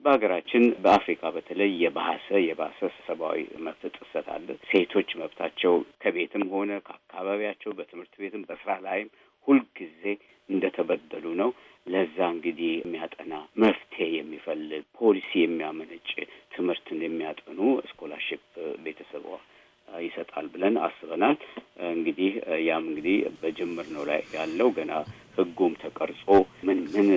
በሀገራችን በአፍሪካ በተለይ የባሰ የባሰ ሰብአዊ መብት ጥሰት አለ። ሴቶች መብታቸው ከቤትም ሆነ ከአካባቢያቸው በትምህርት ቤትም በስራ ላይም ሁልጊዜ እንደተበደሉ ነው። ለዛ እንግዲህ የሚያጠና መፍትሄ የሚፈልግ ፖሊሲ የሚያመነጭ ትምህርትን የሚያጠኑ ስኮላርሽፕ ቤተሰቧ ይሰጣል ብለን አስበናል። እንግዲህ ያም እንግዲህ በጅምር ነው ላይ ያለው ገና ህጉም ተቀርጾ ምን ምን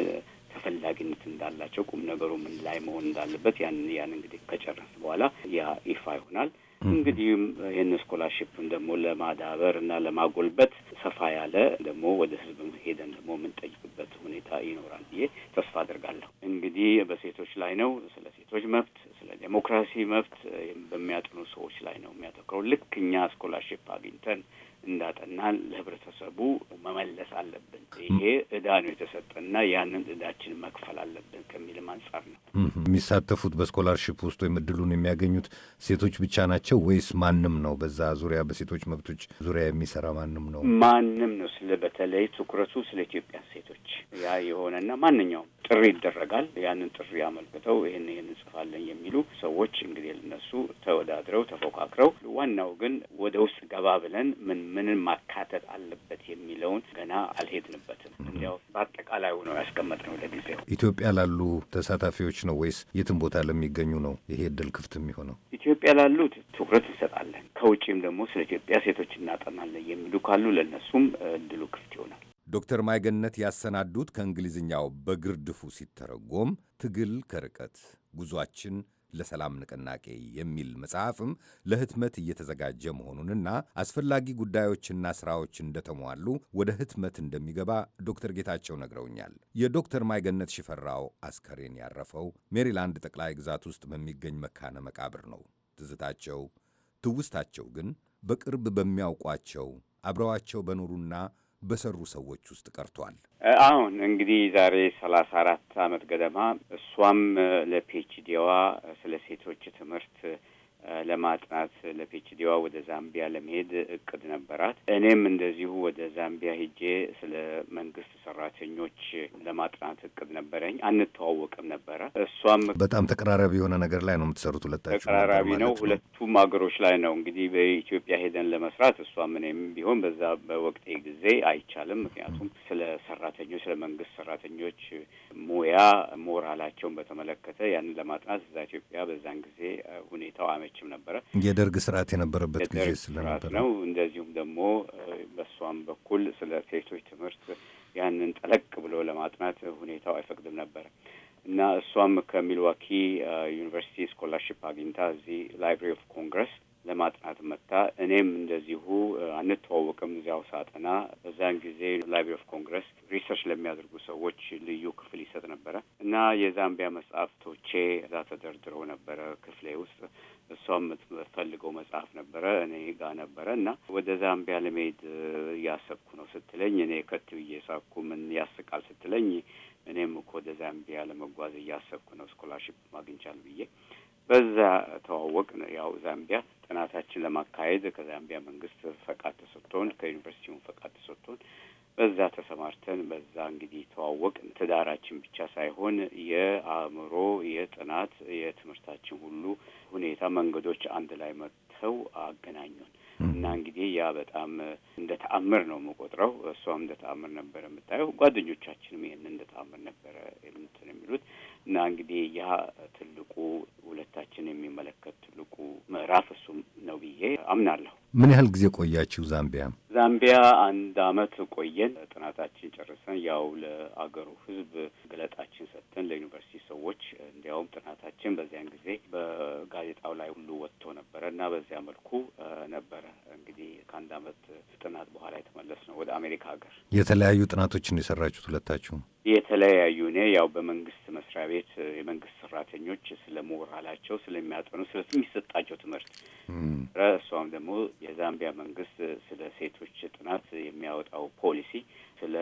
ተፈላጊነት እንዳላቸው ቁም ነገሩ ምን ላይ መሆን እንዳለበት ያን ያን እንግዲህ ከጨረስ በኋላ ያ ይፋ ይሆናል። እንግዲህም ይህን ስኮላርሽፕን ደግሞ ለማዳበር እና ለማጎልበት ሰፋ ያለ ደግሞ ወደ ህዝብ ሄደን ደግሞ የምንጠይቅበት ሁኔታ ይኖራል ብዬ ተስፋ አድርጋለሁ። እንግዲህ በሴቶች ላይ ነው፣ ስለ ሴቶች መብት፣ ስለ ዴሞክራሲ መብት በሚያጥኑ ሰዎች ላይ ነው የሚያተኩረው። ልክ እኛ ስኮላርሽፕ አግኝተን እንዳጠናን ለህብረተሰቡ መመለስ አለብን። ይሄ እዳ ነው የተሰጠና ያንን እዳችን መክፈል አለብን ከሚልም አንጻር ነው። የሚሳተፉት በስኮላርሽፕ ውስጥ ወይም እድሉን የሚያገኙት ሴቶች ብቻ ናቸው ወይስ ማንም ነው? በዛ ዙሪያ በሴቶች መብቶች ዙሪያ የሚሰራ ማንም ነው? ማንም ነው። ስለ በተለይ ትኩረቱ ስለ ኢትዮጵያ ሴቶች ያ የሆነና ማንኛውም ጥሪ ይደረጋል። ያንን ጥሪ አመልክተው ይህን ይህን እንጽፋለን የሚሉ ሰዎች እንግዲህ ልነሱ ተወዳድረው ተፎካክረው፣ ዋናው ግን ወደ ውስጥ ገባ ብለን ምን ምንን ማካተት አለበት የሚለውን ገና አልሄድንበትም። እንዲያው በአጠቃላዩ ነው ያስቀመጥነው። ለጊዜው ኢትዮጵያ ላሉ ተሳታፊዎች ነው ወይስ የትም ቦታ ለሚገኙ ነው ይሄ እድል ክፍት የሚሆነው? ኢትዮጵያ ላሉት ትኩረት እንሰጣለን። ከውጭም ደግሞ ስለ ኢትዮጵያ ሴቶች እናጠናለን የሚሉ ካሉ ለእነሱም እድሉ ክፍት ይሆናል። ዶክተር ማይገነት ያሰናዱት ከእንግሊዝኛው በግርድፉ ሲተረጎም ትግል ከርቀት ጉዟችን ለሰላም ንቅናቄ የሚል መጽሐፍም ለህትመት እየተዘጋጀ መሆኑንና አስፈላጊ ጉዳዮችና ስራዎች እንደተሟሉ ወደ ህትመት እንደሚገባ ዶክተር ጌታቸው ነግረውኛል። የዶክተር ማይገነት ሽፈራው አስከሬን ያረፈው ሜሪላንድ ጠቅላይ ግዛት ውስጥ በሚገኝ መካነ መቃብር ነው። ትዝታቸው ትውስታቸው ግን በቅርብ በሚያውቋቸው አብረዋቸው በኖሩና በሰሩ ሰዎች ውስጥ ቀርቷል። አሁን እንግዲህ ዛሬ ሰላሳ አራት አመት ገደማ እሷም ለፒኤችዲዋ ስለ ሴቶች ትምህርት ለማጥናት ለፒኤችዲዋ ወደ ዛምቢያ ለመሄድ እቅድ ነበራት። እኔም እንደዚሁ ወደ ዛምቢያ ሄጄ ስለ መንግስት ሰራተኞች ለማጥናት እቅድ ነበረኝ። አንተዋወቅም ነበረ። እሷም በጣም ተቀራራቢ የሆነ ነገር ላይ ነው የምትሰሩት። ሁለታችሁ ተቀራራቢ ነው። ሁለቱም ሀገሮች ላይ ነው እንግዲህ በኢትዮጵያ ሄደን ለመስራት እሷም እኔም ቢሆን በዛ በወቅቴ ጊዜ አይቻልም። ምክንያቱም ስለ ሰራተኞች ስለ መንግስት ሰራተኞች ሙያ ሞራላቸውን በተመለከተ ያንን ለማጥናት እዛ ኢትዮጵያ በዛን ጊዜ ሁኔታው አመ አልነበረችም ነበረ። የደርግ ስርዓት የነበረበት ጊዜ ስለነበር ነው። እንደዚሁም ደግሞ በእሷም በኩል ስለ ሴቶች ትምህርት ያንን ጠለቅ ብሎ ለማጥናት ሁኔታው አይፈቅድም ነበረ እና እሷም ከሚልዋኪ ዩኒቨርሲቲ ስኮላርሽፕ አግኝታ እዚህ ላይብራሪ ኦፍ ኮንግረስ ለማጥናት መጥታ እኔም እንደዚሁ አንተዋወቅም። እዚያው ሳጠና በዛን ጊዜ ላይብሪ ኦፍ ኮንግረስ ሪሰርች ለሚያደርጉ ሰዎች ልዩ ክፍል ይሰጥ ነበረ እና የዛምቢያ መጽሐፍቶቼ እዛ ተደርድረው ነበረ ክፍሌ ውስጥ እሷ የምትፈልገው መጽሐፍ ነበረ እኔ ጋ ነበረ እና ወደ ዛምቢያ ለመሄድ እያሰብኩ ነው ስትለኝ እኔ ከት ብዬ ሳኩ ምን ያስቃል ስትለኝ እኔም እኮ ወደ ዛምቢያ ለመጓዝ እያሰብኩ ነው ስኮላርሽፕ ማግኝቻል ብዬ በዛ ተዋወቅ ያው ዛምቢያ ጥናታችን ለማካሄድ ከዛምቢያ መንግስት ፈቃድ ተሰጥቶን ከዩኒቨርሲቲውን ፈቃድ ተሰጥቶን በዛ ተሰማርተን በዛ እንግዲህ ተዋወቅ ትዳራችን ብቻ ሳይሆን የአእምሮ የጥናት የትምህርታችን ሁሉ ሁኔታ መንገዶች አንድ ላይ መጥተው አገናኙን እና እንግዲህ ያ በጣም እንደ ተአምር ነው የምቆጥረው። እሷም እንደ ተአምር ነበረ የምታየው፣ ጓደኞቻችንም ይህን እንደ ተአምር ነበረ እንትን የሚሉት እና እንግዲህ ያ ትልቁ ሁለታችን የሚመለከት ትልቁ ምዕራፍ እሱም ነው ብዬ አምናለሁ። ምን ያህል ጊዜ ቆያችሁ ዛምቢያ? ዛምቢያ አንድ አመት ቆየን። ጥናታችን ጨርሰን ያው ለአገሩ ህዝብ ገለጣችን ሰጥተን ለዩኒቨርሲቲ ሰዎች እንዲያውም ጥናታችን በዚያን ጊዜ በጋዜጣው ላይ ሁሉ ወጥቶ ነበረ እና በዚያ መልኩ ነበረ እንግዲህ ከአንድ አመት ጥናት በኋላ የተመለስ ነው ወደ አሜሪካ ሀገር። የተለያዩ ጥናቶችን የሰራችሁት ሁለታችሁ? የተለያዩ እኔ ያው በመንግስት መስሪያ ቤት የመንግስት ሰራተኞች ስለ ሞራላቸው ስለሚያጠኑ ስለሚሰጣቸው ትምህርት እሷም ደግሞ የዛምቢያ መንግስት ስለ ሴቶች ጥናት የሚያወጣው ፖሊሲ ስለ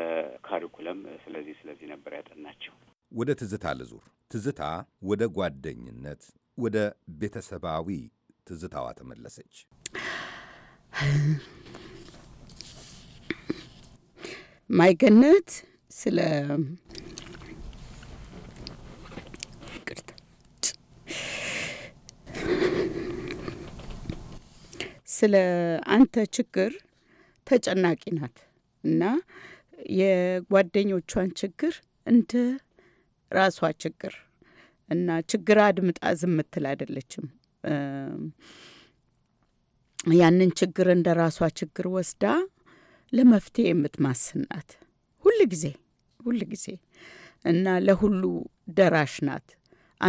ካሪኩለም ስለዚህ ስለዚህ ነበር ያጠናቸው። ወደ ትዝታ ልዙር። ትዝታ ወደ ጓደኝነት ወደ ቤተሰባዊ ትዝታዋ ተመለሰች። ማይገነት ስለ ስለ አንተ ችግር ተጨናቂ ናት እና የጓደኞቿን ችግር እንደ ራሷ ችግር እና ችግር አድምጣ ዝም ምትል አይደለችም። ያንን ችግር እንደ ራሷ ችግር ወስዳ ለመፍትሄ የምትማስን ናት። ሁል ጊዜ ሁል ጊዜ እና ለሁሉ ደራሽ ናት።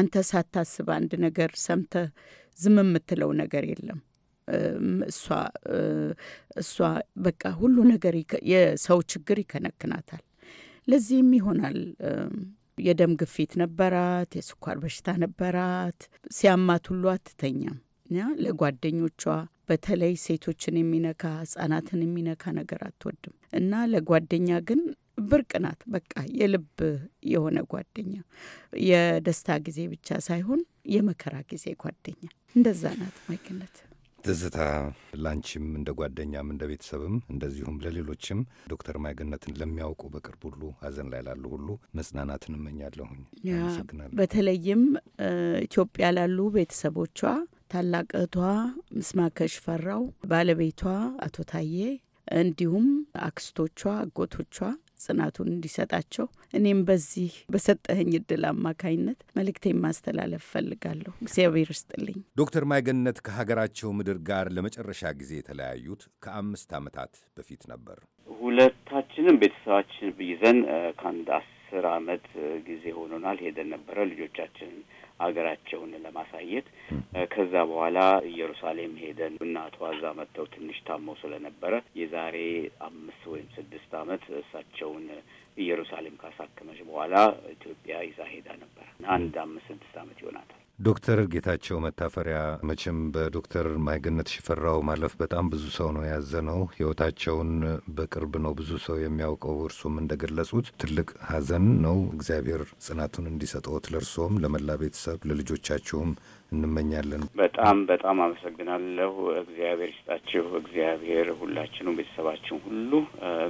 አንተ ሳታስብ አንድ ነገር ሰምተህ ዝም የምትለው ነገር የለም። እሷ እሷ በቃ ሁሉ ነገር የሰው ችግር ይከነክናታል። ለዚህም ይሆናል የደም ግፊት ነበራት፣ የስኳር በሽታ ነበራት። ሲያማት ሁሉ አትተኛም። ለጓደኞቿ በተለይ ሴቶችን የሚነካ ህጻናትን የሚነካ ነገር አትወድም እና ለጓደኛ ግን ብርቅ ናት። በቃ የልብ የሆነ ጓደኛ፣ የደስታ ጊዜ ብቻ ሳይሆን የመከራ ጊዜ ጓደኛ እንደዛ ናት ማይክነት ትዝታ ላንቺም እንደ ጓደኛም እንደ ቤተሰብም እንደዚሁም ለሌሎችም ዶክተር ማይገነትን ለሚያውቁ በቅርብ ሁሉ ሀዘን ላይ ላሉ ሁሉ መጽናናትን እመኛለሁኝ። በተለይም ኢትዮጵያ ላሉ ቤተሰቦቿ ታላቅ እህቷ ምስማከ ሽፈራው፣ ባለቤቷ አቶ ታዬ እንዲሁም አክስቶቿ፣ አጎቶቿ ጽናቱን እንዲሰጣቸው እኔም በዚህ በሰጠህኝ እድል አማካኝነት መልእክቴን ማስተላለፍ ፈልጋለሁ። እግዚአብሔር ይስጥልኝ። ዶክተር ማይገነት ከሀገራቸው ምድር ጋር ለመጨረሻ ጊዜ የተለያዩት ከአምስት ዓመታት በፊት ነበር። ሁለታችንም ቤተሰባችን ይዘን ከአንድ አስር አመት ጊዜ ሆኖናል። ሄደን ነበረ ልጆቻችን አገራቸውን ለማሳየት። ከዛ በኋላ ኢየሩሳሌም ሄደን እናቷ እዛ መጥተው ትንሽ ታመው ስለነበረ የዛሬ አምስት ወይም ስድስት አመት እሳቸውን ኢየሩሳሌም ካሳከመች በኋላ ኢትዮጵያ ይዛ ሄዳ ነበር። አንድ አምስት ስድስት አመት ይሆናታል። ዶክተር ጌታቸው መታፈሪያ መቼም በዶክተር ማይገነት ሽፈራው ማለፍ በጣም ብዙ ሰው ነው ያዘነው። ህይወታቸውን በቅርብ ነው ብዙ ሰው የሚያውቀው። እርሱም እንደገለጹት ትልቅ ሀዘን ነው። እግዚአብሔር ጽናቱን እንዲሰጠዎት ለእርሶም፣ ለመላ ቤተሰብ፣ ለልጆቻችሁም እንመኛለን። በጣም በጣም አመሰግናለሁ። እግዚአብሔር ይስጣችሁ። እግዚአብሔር ሁላችንም ቤተሰባችን ሁሉ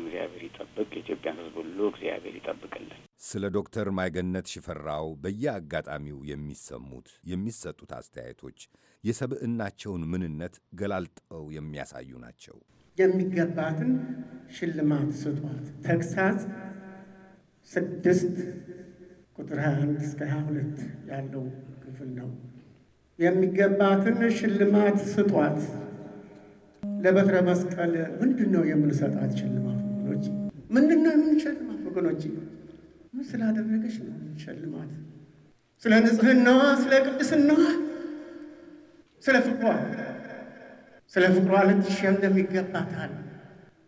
እግዚአብሔር ይጠብቅ። የኢትዮጵያን ህዝብ ሁሉ እግዚአብሔር ይጠብቅልን። ስለ ዶክተር ማይገነት ሽፈራው በየአጋጣሚው የሚሰሙት የሚሰጡት አስተያየቶች የሰብዕናቸውን ምንነት ገላልጠው የሚያሳዩ ናቸው። የሚገባትን ሽልማት ስጧት። ተግሳጽ ስድስት ቁጥር 21 እስከ 22 ያለው ክፍል ነው። የሚገባትን ሽልማት ስጧት። ለበትረ መስቀል ምንድን ነው የምንሰጣት ሽልማት ወገኖች? ምንድን ነው የምንሸልማት ወገኖች? ስላደረገች ነው የምንሸልማት። ስለ ንጽህናዋ፣ ስለ ቅድስናዋ፣ ስለ ፍቅሯ ስለ ፍቅሯ ልትሸለም ይገባታል።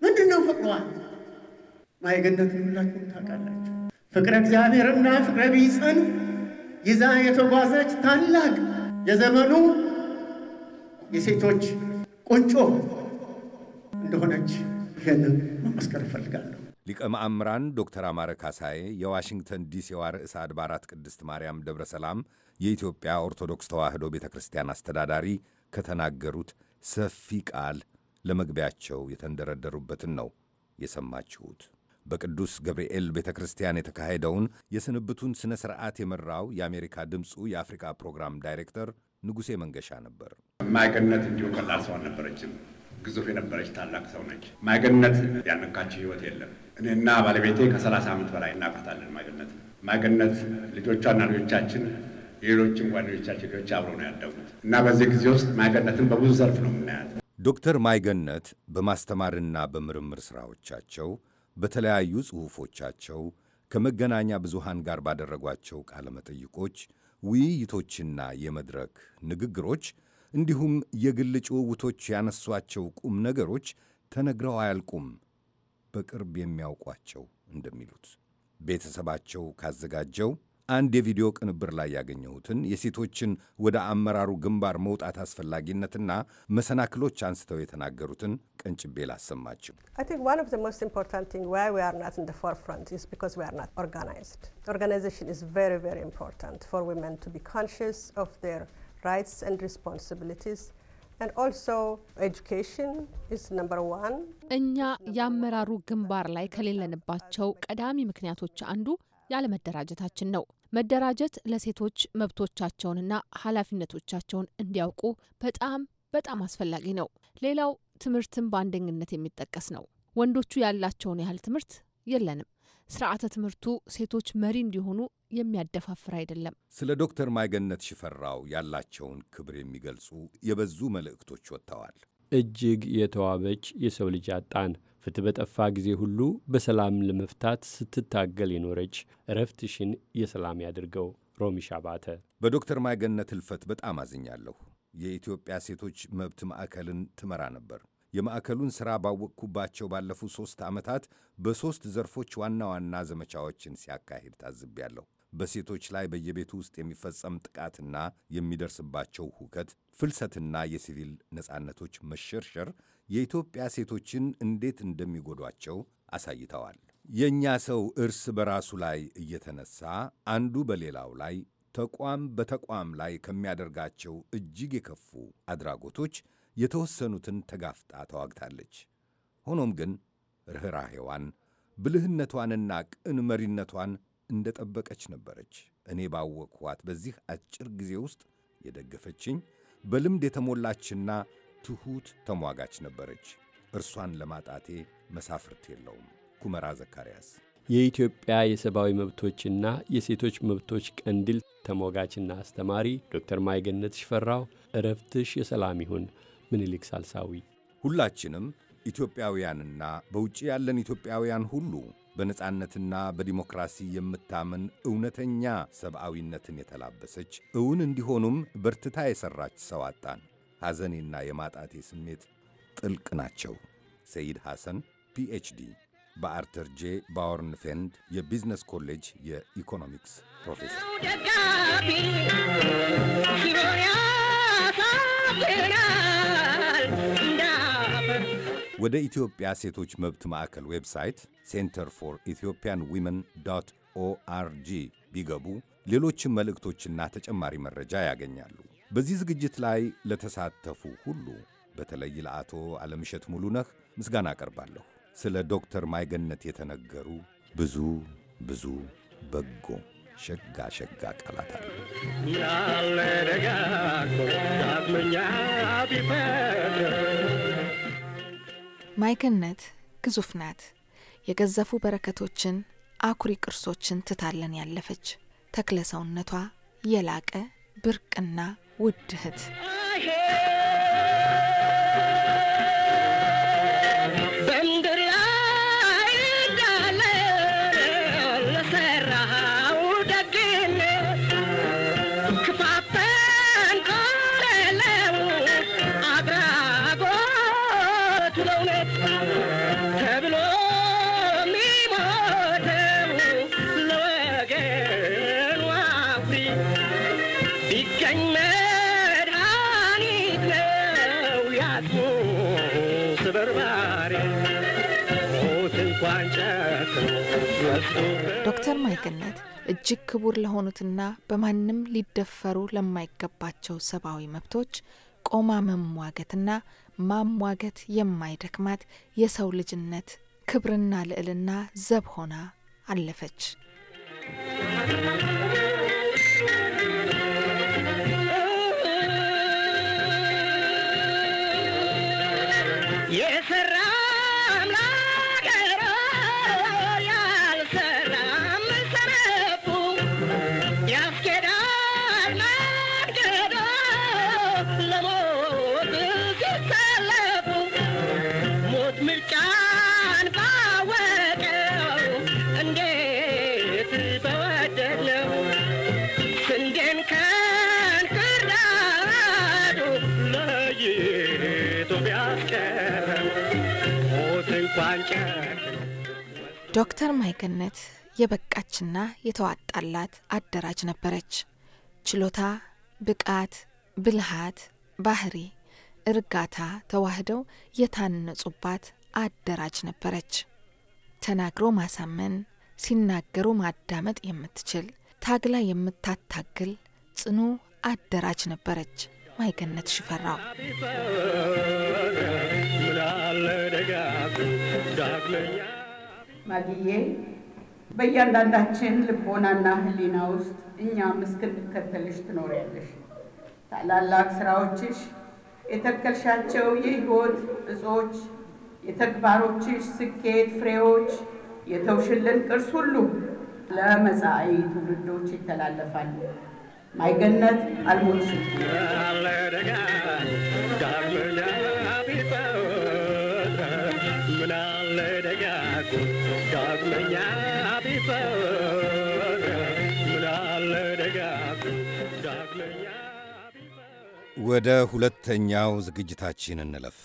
ምንድን ነው ፍቅሯ? ማየገነት ሁላችሁም ታውቃላችሁ። ፍቅረ እግዚአብሔርና ፍቅረ ቢጽን ይዛ የተጓዘች ታላቅ የዘመኑ የሴቶች ቁንጮ እንደሆነች ይህንን መመስከር እፈልጋለሁ። ሊቀ ማእምራን ዶክተር አማረ ካሳዬ፣ የዋሽንግተን ዲሲዋ ርዕሰ አድባራት ቅድስት ማርያም ደብረ ሰላም የኢትዮጵያ ኦርቶዶክስ ተዋሕዶ ቤተ ክርስቲያን አስተዳዳሪ ከተናገሩት ሰፊ ቃል ለመግቢያቸው የተንደረደሩበትን ነው የሰማችሁት። በቅዱስ ገብርኤል ቤተ ክርስቲያን የተካሄደውን የስንብቱን ሥነ ሥርዓት የመራው የአሜሪካ ድምፁ የአፍሪካ ፕሮግራም ዳይሬክተር ንጉሴ መንገሻ ነበር። ማይገነት እንዲሁ ቀላል ሰው አልነበረችም። ግዙፍ የነበረች ታላቅ ሰው ነች። ማይገነት ያነካቸው ሕይወት የለም። እኔና ባለቤቴ ከሰላሳ ዓመት በላይ እናውቃታለን። ማግነት ማግነት ልጆቿና ልጆቻችን የሌሎችም ጓደኞቻችን ልጆች አብረው ነው ያደጉት እና በዚህ ጊዜ ውስጥ ማገነትን በብዙ ዘርፍ ነው የምናያት። ዶክተር ማይገነት በማስተማርና በምርምር ሥራዎቻቸው በተለያዩ ጽሑፎቻቸው ከመገናኛ ብዙሃን ጋር ባደረጓቸው ቃለ መጠይቆች፣ ውይይቶችና የመድረክ ንግግሮች እንዲሁም የግል ጭውውቶች ያነሷቸው ቁም ነገሮች ተነግረው አያልቁም። በቅርብ የሚያውቋቸው እንደሚሉት ቤተሰባቸው ካዘጋጀው አንድ የቪዲዮ ቅንብር ላይ ያገኘሁትን የሴቶችን ወደ አመራሩ ግንባር መውጣት አስፈላጊነትና መሰናክሎች አንስተው የተናገሩትን ቅንጭቤ ላሰማችሁ። ኦርጋናይዜሽን ኢዝ ቬሪ ቬሪ ኢምፖርታንት ፎር ዊመን ቱ ቢ ኮንሽስ ኦፍ ዜር ራይትስ ኤንድ ሪስፖንሲቢሊቲስ እኛ የአመራሩ ግንባር ላይ ከሌለንባቸው ቀዳሚ ምክንያቶች አንዱ ያለመደራጀታችን ነው። መደራጀት ለሴቶች መብቶቻቸውንና ኃላፊነቶቻቸውን እንዲያውቁ በጣም በጣም አስፈላጊ ነው። ሌላው ትምህርትም በአንደኝነት የሚጠቀስ ነው። ወንዶቹ ያላቸውን ያህል ትምህርት የለንም። ስርዓተ ትምህርቱ ሴቶች መሪ እንዲሆኑ የሚያደፋፍር አይደለም። ስለ ዶክተር ማይገነት ሽፈራው ያላቸውን ክብር የሚገልጹ የበዙ መልእክቶች ወጥተዋል። እጅግ የተዋበች የሰው ልጅ አጣን። ፍትህ በጠፋ ጊዜ ሁሉ በሰላም ለመፍታት ስትታገል የኖረች እረፍትሽን የሰላም ያድርገው። ሮሚ ሻባተ በዶክተር ማይገነት ህልፈት በጣም አዝኛለሁ። የኢትዮጵያ ሴቶች መብት ማዕከልን ትመራ ነበር። የማዕከሉን ሥራ ባወቅኩባቸው ባለፉት ሦስት ዓመታት በሦስት ዘርፎች ዋና ዋና ዘመቻዎችን ሲያካሂድ ታዝቤያለሁ። በሴቶች ላይ በየቤቱ ውስጥ የሚፈጸም ጥቃትና የሚደርስባቸው ሁከት፣ ፍልሰትና የሲቪል ነጻነቶች መሸርሸር የኢትዮጵያ ሴቶችን እንዴት እንደሚጎዷቸው አሳይተዋል። የእኛ ሰው እርስ በራሱ ላይ እየተነሳ አንዱ በሌላው ላይ ተቋም በተቋም ላይ ከሚያደርጋቸው እጅግ የከፉ አድራጎቶች የተወሰኑትን ተጋፍጣ ተዋግታለች። ሆኖም ግን ርኅራኄዋን ብልህነቷንና ቅን መሪነቷን እንደጠበቀች ነበረች። እኔ ባወቅኋት በዚህ አጭር ጊዜ ውስጥ የደገፈችኝ በልምድ የተሞላችና ትሑት ተሟጋች ነበረች። እርሷን ለማጣቴ መሳፍርት የለውም። ኩመራ ዘካርያስ የኢትዮጵያ የሰብአዊ መብቶችና የሴቶች መብቶች ቀንዲል ተሟጋችና አስተማሪ ዶክተር ማይገነት ሽፈራው እረፍትሽ የሰላም ይሁን። ምኒልክ ሳልሳዊ ሁላችንም ኢትዮጵያውያንና በውጭ ያለን ኢትዮጵያውያን ሁሉ በነጻነትና በዲሞክራሲ የምታምን እውነተኛ ሰብአዊነትን የተላበሰች እውን እንዲሆኑም በርትታ የሠራች ሰው አጣን። ሐዘኔና የማጣቴ ስሜት ጥልቅ ናቸው። ሰይድ ሐሰን ፒኤችዲ በአርተር ጄ ባወርንፌንድ የቢዝነስ ኮሌጅ የኢኮኖሚክስ ፕሮፌሰር ወደ ኢትዮጵያ ሴቶች መብት ማዕከል ዌብሳይት ሴንተር ፎር ኢትዮጵያን ዊመን ዶት ኦአርጂ ቢገቡ ሌሎችም መልእክቶችና ተጨማሪ መረጃ ያገኛሉ። በዚህ ዝግጅት ላይ ለተሳተፉ ሁሉ በተለይ ለአቶ አለምሸት ሙሉነህ ምስጋና አቀርባለሁ። ስለ ዶክተር ማይገነት የተነገሩ ብዙ ብዙ በጎ ሸጋ ሸጋ ቃላት አለ ያለ ዳግመኛ ማይክነት ግዙፍ ናት። የገዘፉ በረከቶችን አኩሪ ቅርሶችን ትታለን ያለፈች ተክለ ሰውነቷ የላቀ ብርቅና ውድ እህት ማይገነት እጅግ ክቡር ለሆኑትና በማንም ሊደፈሩ ለማይገባቸው ሰብአዊ መብቶች ቆማ መሟገትና ማሟገት የማይደክማት የሰው ልጅነት ክብርና ልዕልና ዘብ ሆና አለፈች። ዶክተር ማይገነት የበቃችና የተዋጣላት አደራጅ ነበረች። ችሎታ፣ ብቃት፣ ብልሃት፣ ባህሪ፣ እርጋታ ተዋህደው የታነጹባት አደራጅ ነበረች። ተናግሮ ማሳመን፣ ሲናገሩ ማዳመጥ የምትችል ታግላ የምታታግል ጽኑ አደራጅ ነበረች ማይገነት ሽፈራው። ምናለ ማግዬ በእያንዳንዳችን ልቦናና ህሊና ውስጥ እኛም እስክንከተልሽ ትኖሪያለሽ። ታላላቅ ስራዎችሽ፣ የተከልሻቸው የህይወት እጾች፣ የተግባሮችሽ ስኬት ፍሬዎች፣ የተውሽልን ቅርስ ሁሉ ለመጻኢ ትውልዶች ይተላለፋሉ። ማይገነት አልሞትሽም። ወደ ሁለተኛው ዝግጅታችን እንለፍ።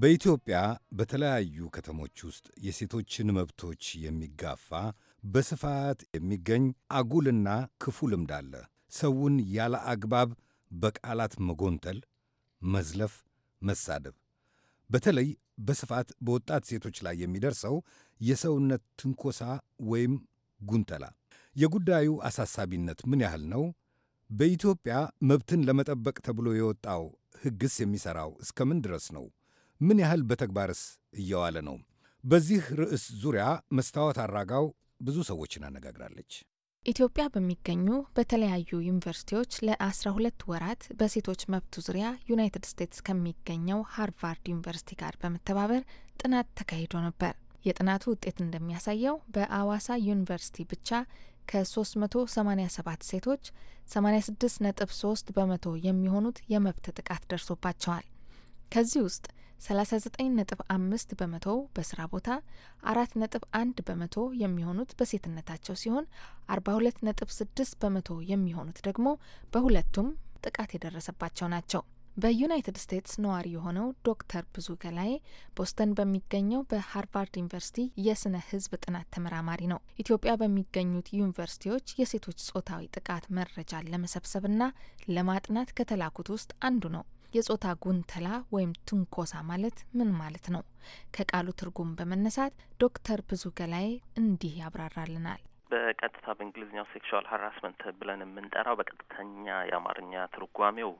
በኢትዮጵያ በተለያዩ ከተሞች ውስጥ የሴቶችን መብቶች የሚጋፋ በስፋት የሚገኝ አጉልና ክፉ ልምድ አለ። ሰውን ያለ አግባብ በቃላት መጎንተል፣ መዝለፍ፣ መሳደብ በተለይ በስፋት በወጣት ሴቶች ላይ የሚደርሰው የሰውነት ትንኮሳ ወይም ጉንተላ የጉዳዩ አሳሳቢነት ምን ያህል ነው? በኢትዮጵያ መብትን ለመጠበቅ ተብሎ የወጣው ሕግስ የሚሠራው እስከምን ድረስ ነው? ምን ያህል በተግባርስ እየዋለ ነው? በዚህ ርዕስ ዙሪያ መስታወት አራጋው ብዙ ሰዎችን አነጋግራለች። ኢትዮጵያ በሚገኙ በተለያዩ ዩኒቨርሲቲዎች ለ12 ወራት በሴቶች መብት ዙሪያ ዩናይትድ ስቴትስ ከሚገኘው ሃርቫርድ ዩኒቨርሲቲ ጋር በመተባበር ጥናት ተካሂዶ ነበር። የጥናቱ ውጤት እንደሚያሳየው በአዋሳ ዩኒቨርሲቲ ብቻ ከ387 ሴቶች 86.3 በመቶ የሚሆኑት የመብት ጥቃት ደርሶባቸዋል። ከዚህ ውስጥ 39.5 በመቶ በስራ ቦታ፣ 4.1 በመቶ የሚሆኑት በሴትነታቸው ሲሆን 42.6 በመቶ የሚሆኑት ደግሞ በሁለቱም ጥቃት የደረሰባቸው ናቸው። በዩናይትድ ስቴትስ ነዋሪ የሆነው ዶክተር ብዙ ገላይ ቦስተን በሚገኘው በሃርቫርድ ዩኒቨርሲቲ የስነ ህዝብ ጥናት ተመራማሪ ነው። ኢትዮጵያ በሚገኙት ዩኒቨርሲቲዎች የሴቶች ጾታዊ ጥቃት መረጃን ለመሰብሰብና ለማጥናት ከተላኩት ውስጥ አንዱ ነው። የጾታ ጉንተላ ወይም ትንኮሳ ማለት ምን ማለት ነው? ከቃሉ ትርጉም በመነሳት ዶክተር ብዙ ገላይ እንዲህ ያብራራልናል። በቀጥታ በእንግሊዝኛው ሴክሹዋል ሀራስመንት ብለን የምንጠራው በቀጥተኛ የአማርኛ ትርጓሜው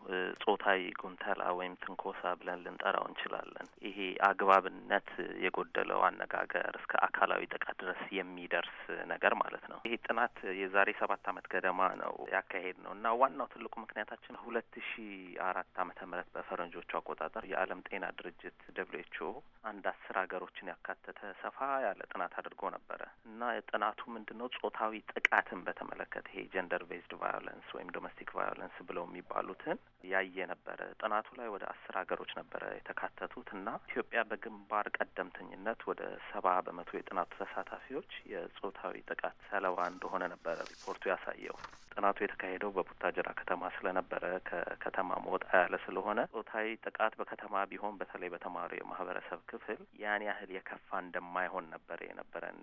ጾታዊ ጉንተላ ወይም ትንኮሳ ብለን ልንጠራው እንችላለን። ይሄ አግባብነት የጎደለው አነጋገር እስከ አካላዊ ጥቃት ድረስ የሚደርስ ነገር ማለት ነው። ይሄ ጥናት የዛሬ ሰባት ዓመት ገደማ ነው ያካሄድ ነው እና ዋናው ትልቁ ምክንያታችን ሁለት ሺ አራት ዓመተ ምህረት በፈረንጆቹ አቆጣጠር የዓለም ጤና ድርጅት ደብሊው ኤች ኦ አንድ አስር ሀገሮችን ያካተተ ሰፋ ያለ ጥናት አድርጎ ነበረ እና ጥናቱ ምንድን ነው ጾታዊ ጥቃትን በተመለከተ ይሄ ጀንደር ቤዝድ ቫዮለንስ ወይም ዶሜስቲክ ቫዮለንስ ብለው የሚባሉትን ያየ ነበረ። ጥናቱ ላይ ወደ አስር ሀገሮች ነበረ የተካተቱት እና ኢትዮጵያ በግንባር ቀደምተኝነት ወደ ሰባ በመቶ የጥናቱ ተሳታፊዎች የጾታዊ ጥቃት ሰለባ እንደሆነ ነበረ ሪፖርቱ ያሳየው። ጥናቱ የተካሄደው በቡታጀራ ከተማ ስለነበረ ከከተማ መወጣ ያለ ስለሆነ ጾታዊ ጥቃት በከተማ ቢሆን በተለይ በተማሪ የማህበረሰብ ክፍል ያን ያህል የከፋ እንደማይሆን ነበረ የነበረን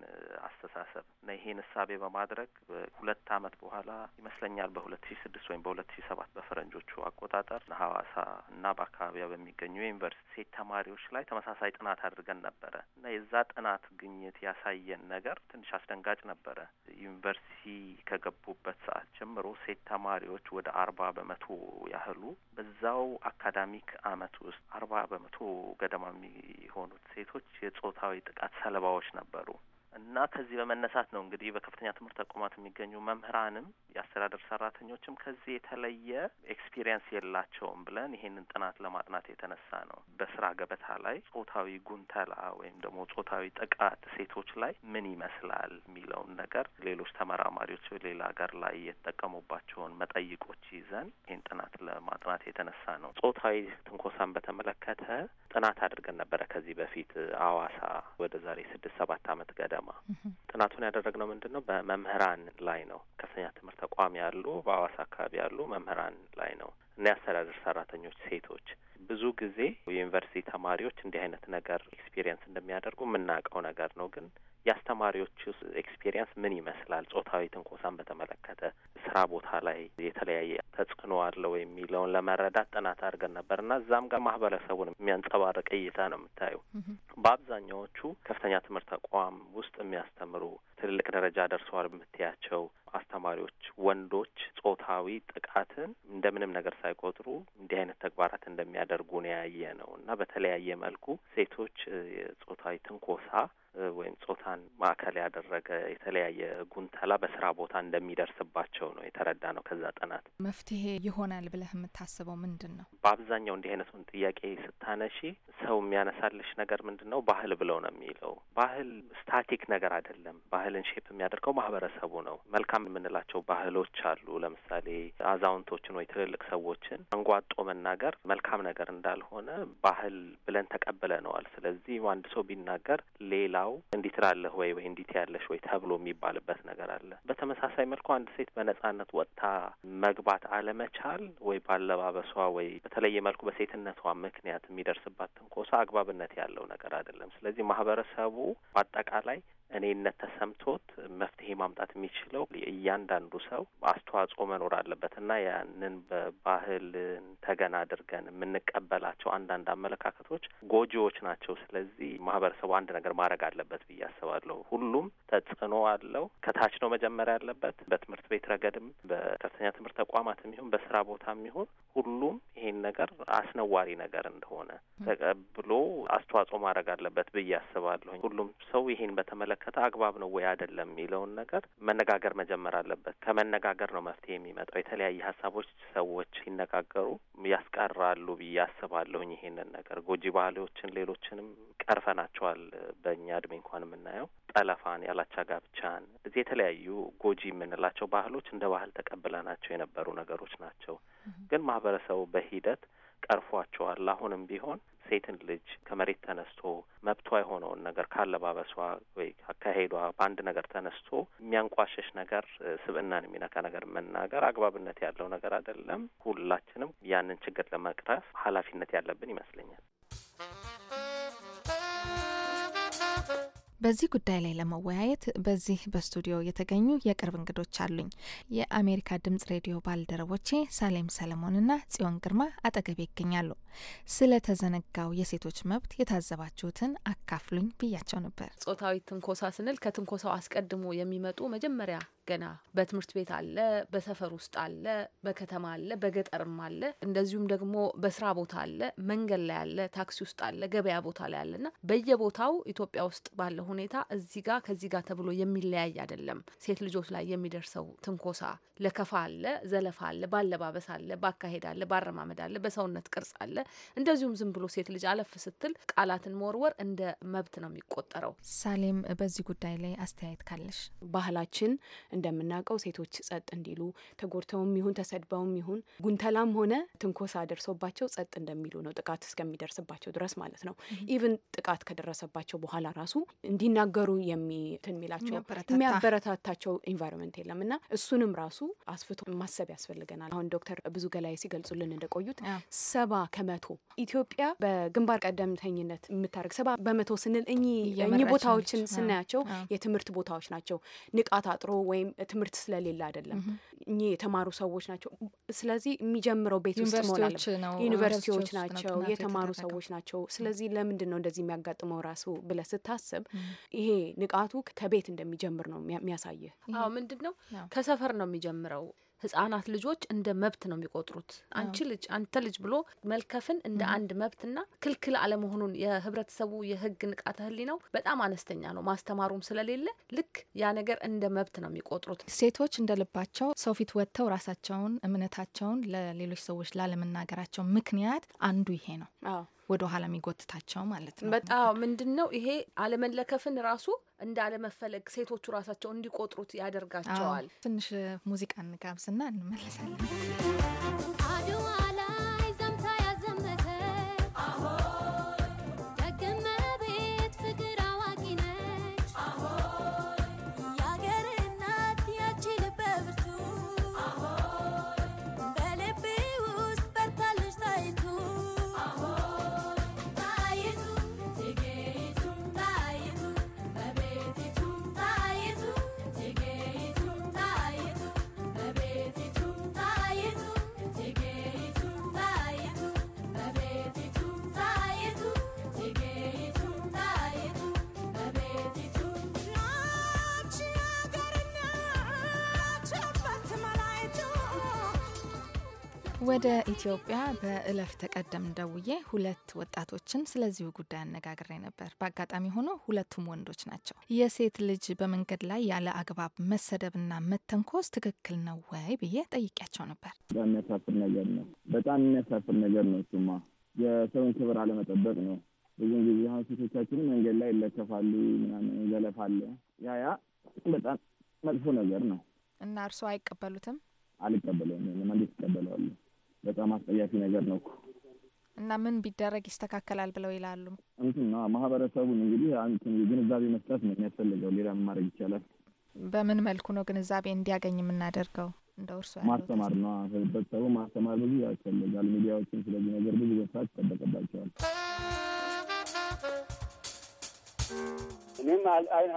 አስተሳሰብ እና ይሄን ታሳቢ በማድረግ በሁለት አመት በኋላ ይመስለኛል በሁለት ሺ ስድስት ወይም በሁለት ሺ ሰባት በፈረንጆቹ አቆጣጠር ሀዋሳ እና በአካባቢያ በሚገኙ ዩኒቨርስቲ ሴት ተማሪዎች ላይ ተመሳሳይ ጥናት አድርገን ነበረ እና የዛ ጥናት ግኝት ያሳየን ነገር ትንሽ አስደንጋጭ ነበረ። ዩኒቨርሲቲ ከገቡበት ሰዓት ጀምሮ ሴት ተማሪዎች ወደ አርባ በመቶ ያህሉ በዛው አካዳሚክ አመት ውስጥ አርባ በመቶ ገደማ የሚሆኑት ሴቶች የጾታዊ ጥቃት ሰለባዎች ነበሩ። እና ከዚህ በመነሳት ነው እንግዲህ በከፍተኛ ትምህርት ተቋማት የሚገኙ መምህራንም የአስተዳደር ሰራተኞችም ከዚህ የተለየ ኤክስፒሪየንስ የላቸውም ብለን ይሄንን ጥናት ለማጥናት የተነሳ ነው። በስራ ገበታ ላይ ጾታዊ ጉንተላ ወይም ደግሞ ጾታዊ ጥቃት ሴቶች ላይ ምን ይመስላል የሚለውን ነገር ሌሎች ተመራማሪዎች ሌላ ሀገር ላይ የተጠቀሙባቸውን መጠይቆች ይዘን ይህን ጥናት ለማጥናት የተነሳ ነው። ጾታዊ ትንኮሳን በተመለከተ ጥናት አድርገን ነበረ ከዚህ በፊት አዋሳ ወደ ዛሬ ስድስት ሰባት አመት ገዳ ገደማ። ጥናቱን ያደረግነው ምንድን ነው በመምህራን ላይ ነው። ከፍተኛ ትምህርት ተቋም ያሉ በአዋሳ አካባቢ ያሉ መምህራን ላይ ነው እና የአስተዳደር ሰራተኞች ሴቶች ብዙ ጊዜ የዩኒቨርሲቲ ተማሪዎች እንዲህ አይነት ነገር ኤክስፒሪየንስ እንደሚያደርጉ የምናውቀው ነገር ነው። ግን የአስተማሪዎች ኤክስፒሪየንስ ምን ይመስላል? ጾታዊ ትንኮሳን በተመለከተ ስራ ቦታ ላይ የተለያየ ተጽዕኖ አለው የሚለውን ለመረዳት ጥናት አድርገን ነበር እና እዛም ጋር ማህበረሰቡን የሚያንጸባርቅ እይታ ነው የምታየው። በአብዛኛዎቹ ከፍተኛ ትምህርት ተቋም ውስጥ የሚያስተምሩ ትልልቅ ደረጃ ደርሰዋል የምትያቸው አስተማሪዎች ወንዶች ጾታዊ ጥቃትን እንደምንም ነገር ሳይቆጥሩ እንዲህ አይነት ተግባራት እንደሚያደርጉ ነው ያየ ነው እና በተለያየ መልኩ ሴቶች የጾታዊ ትንኮሳ ወይም ጾታን ማዕከል ያደረገ የተለያየ ጉንተላ በስራ ቦታ እንደሚደርስባቸው ነው የተረዳ ነው ከዛ ጥናት። መፍትሄ ይሆናል ብለህ የምታስበው ምንድን ነው? በአብዛኛው እንዲህ አይነቱን ጥያቄ ስታነሺ ሰው የሚያነሳልሽ ነገር ምንድን ነው? ባህል ብለው ነው የሚለው። ባህል ስታቲክ ነገር አይደለም። ባህልን ሼፕ የሚያደርገው ማህበረሰቡ ነው። መልካም የምንላቸው ባህሎች አሉ። ለምሳሌ አዛውንቶችን ወይ ትልልቅ ሰዎችን አንጓጦ መናገር መልካም ነገር እንዳልሆነ ባህል ብለን ተቀብለነዋል። ስለዚህ አንድ ሰው ቢናገር ሌላ ሌላው እንዲት ራለህ ወይ ወይ እንዲት ያለሽ ወይ ተብሎ የሚባልበት ነገር አለ። በተመሳሳይ መልኩ አንድ ሴት በነጻነት ወጥታ መግባት አለመቻል ወይ ባለባበሷ ወይ በተለየ መልኩ በሴትነቷ ምክንያት የሚደርስባት ትንኮሳ አግባብነት ያለው ነገር አይደለም። ስለዚህ ማህበረሰቡ በአጠቃላይ እኔነት ተሰምቶት መፍትሄ ማምጣት የሚችለው እያንዳንዱ ሰው አስተዋጽኦ መኖር አለበት እና ያንን በባህል ተገና አድርገን የምንቀበላቸው አንዳንድ አመለካከቶች ጎጂዎች ናቸው። ስለዚህ ማህበረሰቡ አንድ ነገር ማድረግ አለበት ብዬ አስባለሁ። ሁሉም ተጽዕኖ አለው። ከታች ነው መጀመሪያ ያለበት። በትምህርት ቤት ረገድም በከፍተኛ ትምህርት ተቋማት የሚሆን በስራ ቦታ የሚሆን ሁሉም ይሄን ነገር አስነዋሪ ነገር እንደሆነ ተቀብሎ አስተዋጽኦ ማድረግ አለበት ብዬ አስባለሁ። ሁሉም ሰው ይሄን በተመለከ በተመለከተ አግባብ ነው ወይ አይደለም የሚለውን ነገር መነጋገር መጀመር አለበት። ከመነጋገር ነው መፍትሄ የሚመጣው። የተለያየ ሀሳቦች ሰዎች ሲነጋገሩ ያስቀራሉ ብዬ አስባለሁኝ። ይሄንን ነገር ጎጂ ባህሎችን ሌሎችንም ቀርፈናቸዋል። በእኛ እድሜ እንኳን የምናየው ጠለፋን፣ ያላቻ ጋብቻን፣ እዚህ የተለያዩ ጎጂ የምንላቸው ባህሎች እንደ ባህል ተቀብለናቸው የነበሩ ነገሮች ናቸው። ግን ማህበረሰቡ በሂደት ቀርፏቸዋል። አሁንም ቢሆን ሴትን ልጅ ከመሬት ተነስቶ መብቷ የሆነውን ነገር ካለባበሷ ወይ ካካሄዷ በአንድ ነገር ተነስቶ የሚያንቋሸሽ ነገር፣ ስብእናን የሚነካ ነገር መናገር አግባብነት ያለው ነገር አይደለም። ሁላችንም ያንን ችግር ለመቅረፍ ኃላፊነት ያለብን ይመስለኛል። በዚህ ጉዳይ ላይ ለመወያየት በዚህ በስቱዲዮ የተገኙ የቅርብ እንግዶች አሉኝ። የአሜሪካ ድምጽ ሬዲዮ ባልደረቦቼ ሳሌም ሰለሞንና ጽዮን ግርማ አጠገቤ ይገኛሉ። ስለ ተዘነጋው የሴቶች መብት የታዘባችሁትን አካፍሉኝ ብያቸው ነበር። ጾታዊ ትንኮሳ ስንል ከትንኮሳው አስቀድሞ የሚመጡ መጀመሪያ ገና በትምህርት ቤት አለ፣ በሰፈር ውስጥ አለ፣ በከተማ አለ፣ በገጠርም አለ፣ እንደዚሁም ደግሞ በስራ ቦታ አለ፣ መንገድ ላይ አለ፣ ታክሲ ውስጥ አለ፣ ገበያ ቦታ ላይ አለ እና በየቦታው ኢትዮጵያ ውስጥ ባለ ሁኔታ እዚህ ጋር ከዚህ ጋር ተብሎ የሚለያይ አይደለም። ሴት ልጆች ላይ የሚደርሰው ትንኮሳ ለከፋ አለ፣ ዘለፋ አለ፣ ባለባበስ አለ፣ ባካሄድ አለ፣ ባረማመድ አለ፣ በሰውነት ቅርጽ አለ። እንደዚሁም ዝም ብሎ ሴት ልጅ አለፍ ስትል ቃላትን መወርወር እንደ መብት ነው የሚቆጠረው። ሳሌም፣ በዚህ ጉዳይ ላይ አስተያየት ካለሽ ባህላችን እንደምናውቀው ሴቶች ጸጥ እንዲሉ ተጎድተውም ይሁን ተሰድበውም ይሁን ጉንተላም ሆነ ትንኮሳ ደርሶባቸው ጸጥ እንደሚሉ ነው። ጥቃት እስከሚደርስባቸው ድረስ ማለት ነው። ኢቭን ጥቃት ከደረሰባቸው በኋላ ራሱ እንዲናገሩ የሚትን የሚላቸው የሚያበረታታቸው ኢንቫይሮንመንት የለም እና እሱንም ራሱ አስፍቶ ማሰብ ያስፈልገናል። አሁን ዶክተር ብዙ ገላይ ሲገልጹልን እንደቆዩት ሰባ ከመቶ ኢትዮጵያ በግንባር ቀደምተኝነት የምታደርግ ሰባ በመቶ ስንል እኚህ ቦታዎችን ስናያቸው የትምህርት ቦታዎች ናቸው። ንቃት አጥሮ ወይ ወይም ትምህርት ስለሌለ አይደለም። እኚህ የተማሩ ሰዎች ናቸው። ስለዚህ የሚጀምረው ቤት ውስጥ መሆን ዩኒቨርሲቲዎች ናቸው፣ የተማሩ ሰዎች ናቸው። ስለዚህ ለምንድን ነው እንደዚህ የሚያጋጥመው ራሱ ብለህ ስታስብ ይሄ ንቃቱ ከቤት እንደሚጀምር ነው የሚያሳየ ምንድን ነው ከሰፈር ነው የሚጀምረው ህጻናት ልጆች እንደ መብት ነው የሚቆጥሩት። አንቺ ልጅ፣ አንተ ልጅ ብሎ መልከፍን እንደ አንድ መብትና ክልክል አለመሆኑን የህብረተሰቡ የህግ ንቃተ ነው በጣም አነስተኛ ነው። ማስተማሩም ስለሌለ ልክ ያ ነገር እንደ መብት ነው የሚቆጥሩት። ሴቶች እንደ ልባቸው ሰው ፊት ወጥተው ራሳቸውን እምነታቸውን ለሌሎች ሰዎች ላለመናገራቸው ምክንያት አንዱ ይሄ ነው። ወደ ኋላ የሚጎትታቸው ማለት ነው። በጣም ምንድን ነው ይሄ አለመለከፍን ራሱ እንደ አለመፈለግ ሴቶቹ ራሳቸው እንዲቆጥሩት ያደርጋቸዋል። ትንሽ ሙዚቃ እንጋብዝና እንመለሳለን። ወደ ኢትዮጵያ በእለፍ ተቀደም ደውዬ ሁለት ወጣቶችን ስለዚሁ ጉዳይ አነጋግሬ ነበር። በአጋጣሚ ሆኖ ሁለቱም ወንዶች ናቸው። የሴት ልጅ በመንገድ ላይ ያለ አግባብ መሰደብና መተንኮስ ትክክል ነው ወይ ብዬ ጠይቂያቸው ነበር። የሚያሳፍር ነገር ነው። በጣም የሚያሳፍር ነገር ነው። እሱማ የሰውን ክብር አለመጠበቅ ነው። ብዙን ጊዜ አሁን ሴቶቻችን መንገድ ላይ ይለከፋሉ፣ ምናምን ይዘለፋለ። ያ ያ በጣም መጥፎ ነገር ነው እና እርስዎ አይቀበሉትም? አልቀበለውም። እንዴት ይቀበለዋለሁ? በጣም አስጠያፊ ነገር ነው እኮ እና ምን ቢደረግ ይስተካከላል ብለው ይላሉ? እንትን ማህበረሰቡን እንግዲህ ግንዛቤ መስጠት ነው የሚያስፈልገው። ሌላ ምን ማድረግ ይቻላል? በምን መልኩ ነው ግንዛቤ እንዲያገኝ የምናደርገው? እንደ እርሱ ማስተማር ነው። ህብረተሰቡ ማስተማር ብዙ ያስፈልጋል። ሚዲያዎችን ስለዚህ ነገር ብዙ መስራት ይጠበቅባቸዋል። እኔም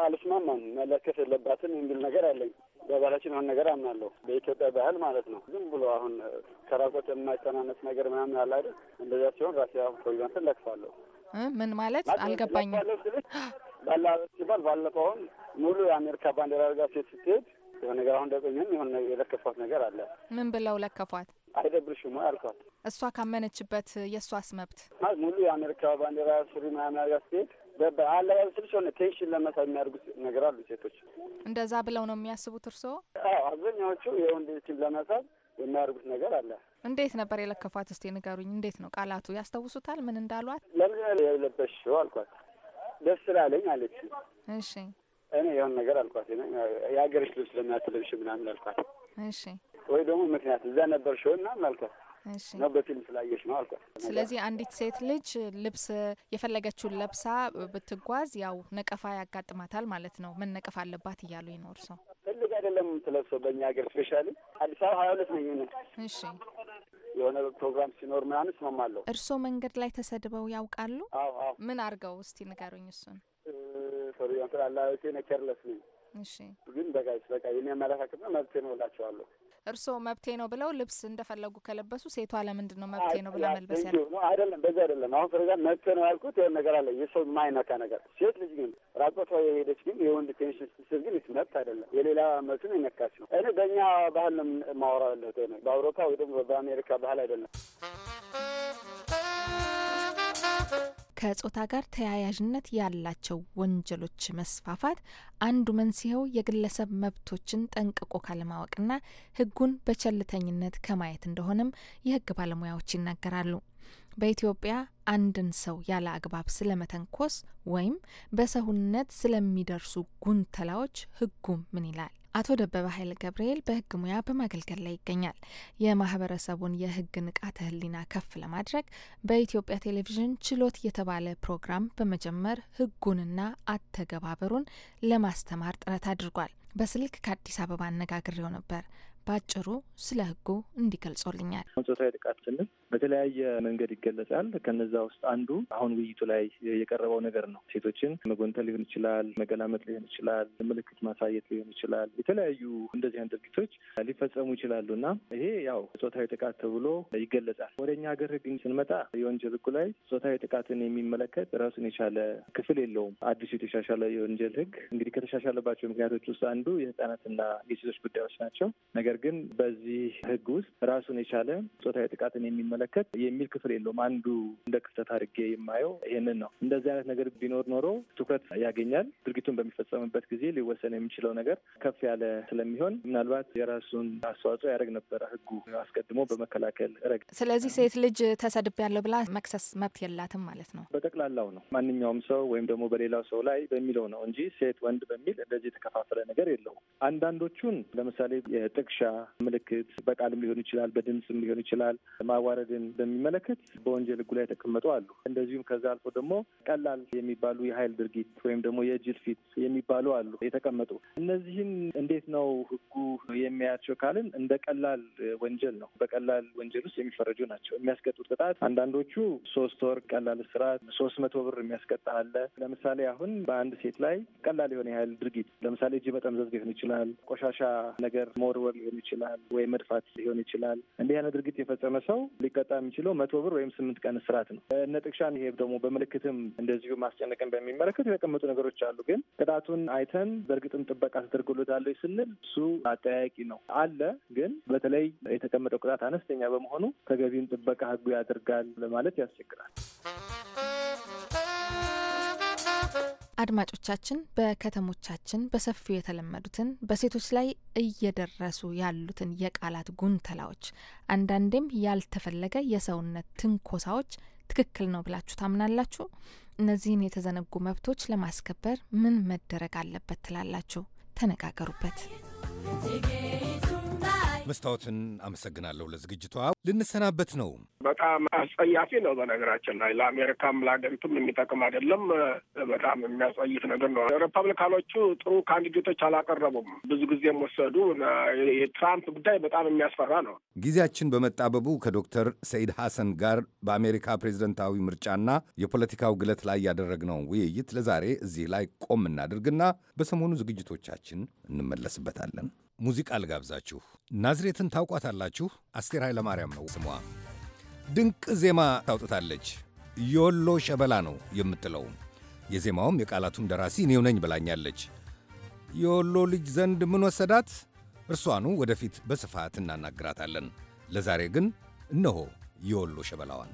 አልስማማም መለከት የለባትን የሚል ነገር አለኝ በባላችን የሆነ ነገር አምናለሁ በኢትዮጵያ ባህል ማለት ነው። ዝም ብሎ አሁን ከራቆት የማይተናነስ ነገር ምናምን አለ አይደል? እንደዚያ ሲሆን ራሴ አሁን ፕሮግራንትን ለክፋለሁ። ምን ማለት አልገባኝም። ባላ ሲባል ባለፈውን ሙሉ የአሜሪካ ባንዲራ አድርጋ ሴት ስትሄድ የሆነ ነገር አሁን ደቀኝም የሆነ የለከፏት ነገር አለ። ምን ብለው ለከፏት? አይደብርሽም ወይ አልኳት። እሷ ካመነችበት የእሷስ መብት ሙሉ የአሜሪካ ባንዲራ ሱሪ ምናምን አድርጋ ስትሄድ በአለባበስ ሆነ ቴንሽን ለመሳ የሚያደርጉት ነገር አሉ። ሴቶች እንደዛ ብለው ነው የሚያስቡት። እርስዎ? አብዛኛዎቹ የወንድ የወንዶችን ለመሳብ የሚያደርጉት ነገር አለ። እንዴት ነበር የለከፏት? እስቲ ንገሩኝ። እንዴት ነው ቃላቱ? ያስታውሱታል? ምን እንዳሏት? ለምን የለበሽው አልኳት። ደስ ስላለኝ አለች። እሺ እኔ የሆን ነገር አልኳት። የሀገርሽ ልብስ ለምን አትለብሽ ምናምን አልኳት። እሺ ወይ ደግሞ ምክንያት እዛ ነበር ሽሆን ምናምን አልኳት። ነው በፊልም ስላየች ነው አልኳት። ስለዚህ አንዲት ሴት ልጅ ልብስ የፈለገችውን ለብሳ ብትጓዝ ያው ነቀፋ ያጋጥማታል ማለት ነው። ምን ነቀፍ አለባት እያሉ ይኖር ሰው ፈልግ አይደለም የምትለብሰው በእኛ ሀገር ስፔሻሊ አዲስ አበባ ሀያ ሁለት ነኝ። ነ እሺ የሆነ ፕሮግራም ሲኖር ምናምን እስማማለሁ። እርስዎ መንገድ ላይ ተሰድበው ያውቃሉ? አዎ አዎ። ምን አድርገው እስቲ ንገሩኝ እሱን። ሶሪ ንትላላ ኬርለስ ነኝ። እሺ ግን በቃ በቃ የኔ አመለካከት ነው መብቴ ነው እላቸዋለሁ። እርስዎ መብቴ ነው ብለው ልብስ እንደፈለጉ ከለበሱ ሴቷ ለምንድን ነው መብቴ ነው ብለ መልበስ ያለ? አይደለም፣ በዚህ አይደለም። አሁን ፈረጋ መብቴ ነው ያልኩት ይሆን ነገር አለ፣ የሰው የማይነካ ነገር። ሴት ልጅ ግን ራቆቷ የሄደች ግን የወንድ ቴንሽን ስትስል ግን መብት አይደለም፣ የሌላ መብትን የነካች ነው። እኔ በእኛ ባህል ነው የማወራው በአውሮፓ ወይ ደግሞ በአሜሪካ ባህል አይደለም። ከጾታ ጋር ተያያዥነት ያላቸው ወንጀሎች መስፋፋት አንዱ መንስኤው የግለሰብ መብቶችን ጠንቅቆ ካለማወቅና ሕጉን በቸልተኝነት ከማየት እንደሆነም የሕግ ባለሙያዎች ይናገራሉ። በኢትዮጵያ አንድን ሰው ያለ አግባብ ስለመተንኮስ ወይም በሰውነት ስለሚደርሱ ጉንተላዎች ሕጉ ምን ይላል? አቶ ደበበ ኃይለ ገብርኤል በህግ ሙያ በማገልገል ላይ ይገኛል። የማህበረሰቡን የህግ ንቃተ ህሊና ከፍ ለማድረግ በኢትዮጵያ ቴሌቪዥን ችሎት የተባለ ፕሮግራም በመጀመር ህጉንና አተገባበሩን ለማስተማር ጥረት አድርጓል። በስልክ ከአዲስ አበባ አነጋግሬው ነበር። በአጭሩ ስለ ህጉ እንዲገልጾልኛል። ጾታዊ ጥቃት ስንል በተለያየ መንገድ ይገለጻል። ከነዛ ውስጥ አንዱ አሁን ውይይቱ ላይ የቀረበው ነገር ነው። ሴቶችን መጎንተል ሊሆን ይችላል፣ መገላመጥ ሊሆን ይችላል፣ ምልክት ማሳየት ሊሆን ይችላል። የተለያዩ እንደዚህ አይነት ድርጊቶች ሊፈጸሙ ይችላሉ እና ይሄ ያው ጾታዊ ጥቃት ተብሎ ይገለጻል። ወደ እኛ ሀገር ህግ ስንመጣ የወንጀል ህጉ ላይ ጾታዊ ጥቃትን የሚመለከት ራሱን የቻለ ክፍል የለውም። አዲሱ የተሻሻለ የወንጀል ህግ እንግዲህ ከተሻሻለባቸው ምክንያቶች ውስጥ አንዱ የህጻናትና የሴቶች ጉዳዮች ናቸው ነገር ነገር ግን በዚህ ህግ ውስጥ ራሱን የቻለ ጾታዊ ጥቃትን የሚመለከት የሚል ክፍል የለውም። አንዱ እንደ ክፍተት አድርጌ የማየው ይህንን ነው። እንደዚህ አይነት ነገር ቢኖር ኖሮ ትኩረት ያገኛል። ድርጊቱን በሚፈጸምበት ጊዜ ሊወሰን የሚችለው ነገር ከፍ ያለ ስለሚሆን ምናልባት የራሱን አስተዋጽኦ ያደርግ ነበረ ህጉ አስቀድሞ በመከላከል ረገድ። ስለዚህ ሴት ልጅ ያለው ብላ መክሰስ መብት የላትም ማለት ነው። በጠቅላላው ነው ማንኛውም ሰው ወይም ደግሞ በሌላው ሰው ላይ በሚለው ነው እንጂ ሴት ወንድ በሚል እንደዚህ የተከፋፈለ ነገር የለውም። አንዳንዶቹን ለምሳሌ የጥቅሻ በጥላቻ ምልክት በቃልም ሊሆን ይችላል፣ በድምፅም ሊሆን ይችላል። ማዋረድን በሚመለከት በወንጀል ህጉ ላይ የተቀመጡ አሉ። እንደዚሁም ከዛ አልፎ ደግሞ ቀላል የሚባሉ የኃይል ድርጊት ወይም ደግሞ የእጅል ፊት የሚባሉ አሉ የተቀመጡ። እነዚህን እንዴት ነው ህጉ የሚያያቸው ካልን እንደ ቀላል ወንጀል ነው። በቀላል ወንጀል ውስጥ የሚፈረጁ ናቸው። የሚያስቀጡት ቅጣት አንዳንዶቹ ሶስት ወር ቀላል እስራት፣ ሶስት መቶ ብር የሚያስቀጣ አለ። ለምሳሌ አሁን በአንድ ሴት ላይ ቀላል የሆነ የኃይል ድርጊት ለምሳሌ እጅ መጠምዘዝ ሊሆን ይችላል፣ ቆሻሻ ነገር መወርወር ሊሆን ሊሆን ይችላል ወይ መድፋት ሊሆን ይችላል። እንዲህ አይነት ድርጊት የፈጸመ ሰው ሊቀጣ የሚችለው መቶ ብር ወይም ስምንት ቀን እስራት ነው። እነ ጥቅሻን ይሄ ደግሞ በምልክትም እንደዚሁ ማስጨነቅን በሚመለከት የተቀመጡ ነገሮች አሉ። ግን ቅጣቱን አይተን በእርግጥም ጥበቃ ተደርጎለታል ስንል እሱ አጠያቂ ነው አለ። ግን በተለይ የተቀመጠው ቅጣት አነስተኛ በመሆኑ ተገቢውን ጥበቃ ህጉ ያደርጋል ለማለት ያስቸግራል። አድማጮቻችን በከተሞቻችን በሰፊው የተለመዱትን በሴቶች ላይ እየደረሱ ያሉትን የቃላት ጉንተላዎች፣ አንዳንዴም ያልተፈለገ የሰውነት ትንኮሳዎች ትክክል ነው ብላችሁ ታምናላችሁ? እነዚህን የተዘነጉ መብቶች ለማስከበር ምን መደረግ አለበት ትላላችሁ? ተነጋገሩበት። መስታወትን አመሰግናለሁ ለዝግጅቷ። ልንሰናበት ነው። በጣም አስጸያፊ ነው። በነገራችን ላይ ለአሜሪካም ለሀገሪቱም የሚጠቅም አይደለም። በጣም የሚያስጸይፍ ነገር ነው። ሪፐብሊካኖቹ ጥሩ ካንዲዴቶች አላቀረቡም። ብዙ ጊዜም ወሰዱ። የትራምፕ ጉዳይ በጣም የሚያስፈራ ነው። ጊዜያችን በመጣበቡ ከዶክተር ሰኢድ ሐሰን ጋር በአሜሪካ ፕሬዝደንታዊ ምርጫና የፖለቲካው ግለት ላይ ነው ውይይት ለዛሬ እዚህ ላይ ቆም እናድርግና በሰሞኑ ዝግጅቶቻችን እንመለስበታለን። ሙዚቃ ልጋብዛችሁ። ናዝሬትን ታውቋታላችሁ? አስቴር ኃይለማርያም ነው ስሟ። ድንቅ ዜማ ታውጥታለች። የወሎ ሸበላ ነው የምትለው። የዜማውም የቃላቱም ደራሲ እኔው ነኝ ብላኛለች። የወሎ ልጅ ዘንድ ምን ወሰዳት? እርሷኑ ወደፊት በስፋት እናናግራታለን። ለዛሬ ግን እነሆ የወሎ ሸበላዋን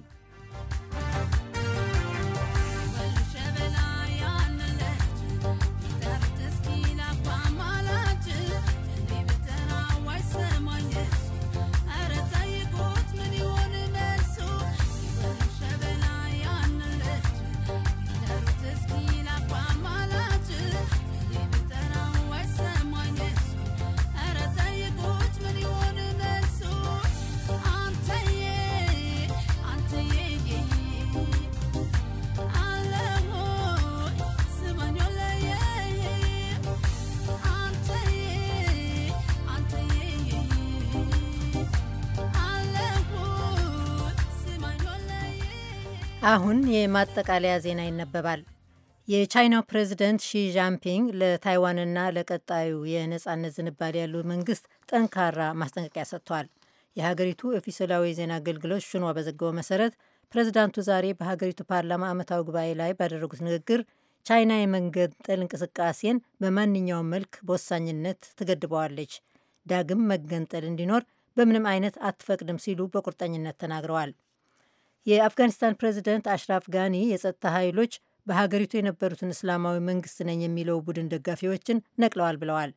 አሁን የማጠቃለያ ዜና ይነበባል። የቻይናው ፕሬዚደንት ሺ ጂንፒንግ ለታይዋንና ለቀጣዩ የነጻነት ዝንባል ያለው መንግስት ጠንካራ ማስጠንቀቂያ ሰጥቷል። የሀገሪቱ ኦፊሴላዊ ዜና አገልግሎት ሽኗ በዘገበው መሰረት ፕሬዚዳንቱ ዛሬ በሀገሪቱ ፓርላማ ዓመታዊ ጉባኤ ላይ ባደረጉት ንግግር ቻይና የመገንጠል እንቅስቃሴን በማንኛውም መልክ በወሳኝነት ትገድበዋለች፣ ዳግም መገንጠል እንዲኖር በምንም አይነት አትፈቅድም ሲሉ በቁርጠኝነት ተናግረዋል። የአፍጋኒስታን ፕሬዚደንት አሽራፍ ጋኒ የጸጥታ ኃይሎች በሀገሪቱ የነበሩትን እስላማዊ መንግስት ነኝ የሚለው ቡድን ደጋፊዎችን ነቅለዋል ብለዋል።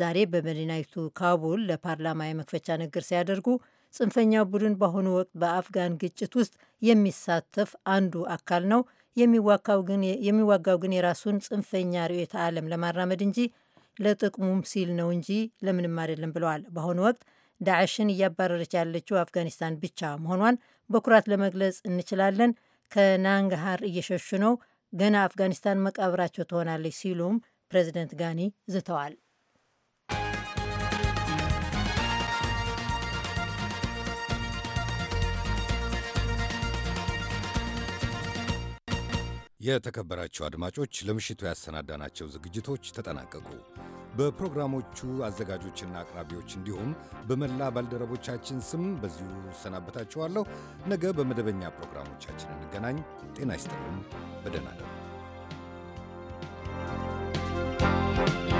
ዛሬ በመዲናይቱ ካቡል ለፓርላማ የመክፈቻ ንግግር ሲያደርጉ ጽንፈኛው ቡድን በአሁኑ ወቅት በአፍጋን ግጭት ውስጥ የሚሳተፍ አንዱ አካል ነው፣ የሚዋጋው ግን የራሱን ጽንፈኛ ርዕዮተ ዓለም ለማራመድ እንጂ ለጥቅሙም ሲል ነው እንጂ ለምንም አይደለም ብለዋል። በአሁኑ ወቅት ዳዕሽን እያባረረች ያለችው አፍጋኒስታን ብቻ መሆኗን በኩራት ለመግለጽ እንችላለን። ከናንግሃር እየሸሹ ነው። ገና አፍጋኒስታን መቃብራቸው ትሆናለች ሲሉም ፕሬዚደንት ጋኒ ዝተዋል። የተከበራቸው አድማጮች ለምሽቱ ያሰናዳናቸው ዝግጅቶች ተጠናቀቁ። በፕሮግራሞቹ አዘጋጆችና አቅራቢዎች እንዲሁም በመላ ባልደረቦቻችን ስም በዚሁ ሰናበታችኋለሁ። ነገ በመደበኛ ፕሮግራሞቻችን እንገናኝ። ጤና ይስጥልን። በደህና you.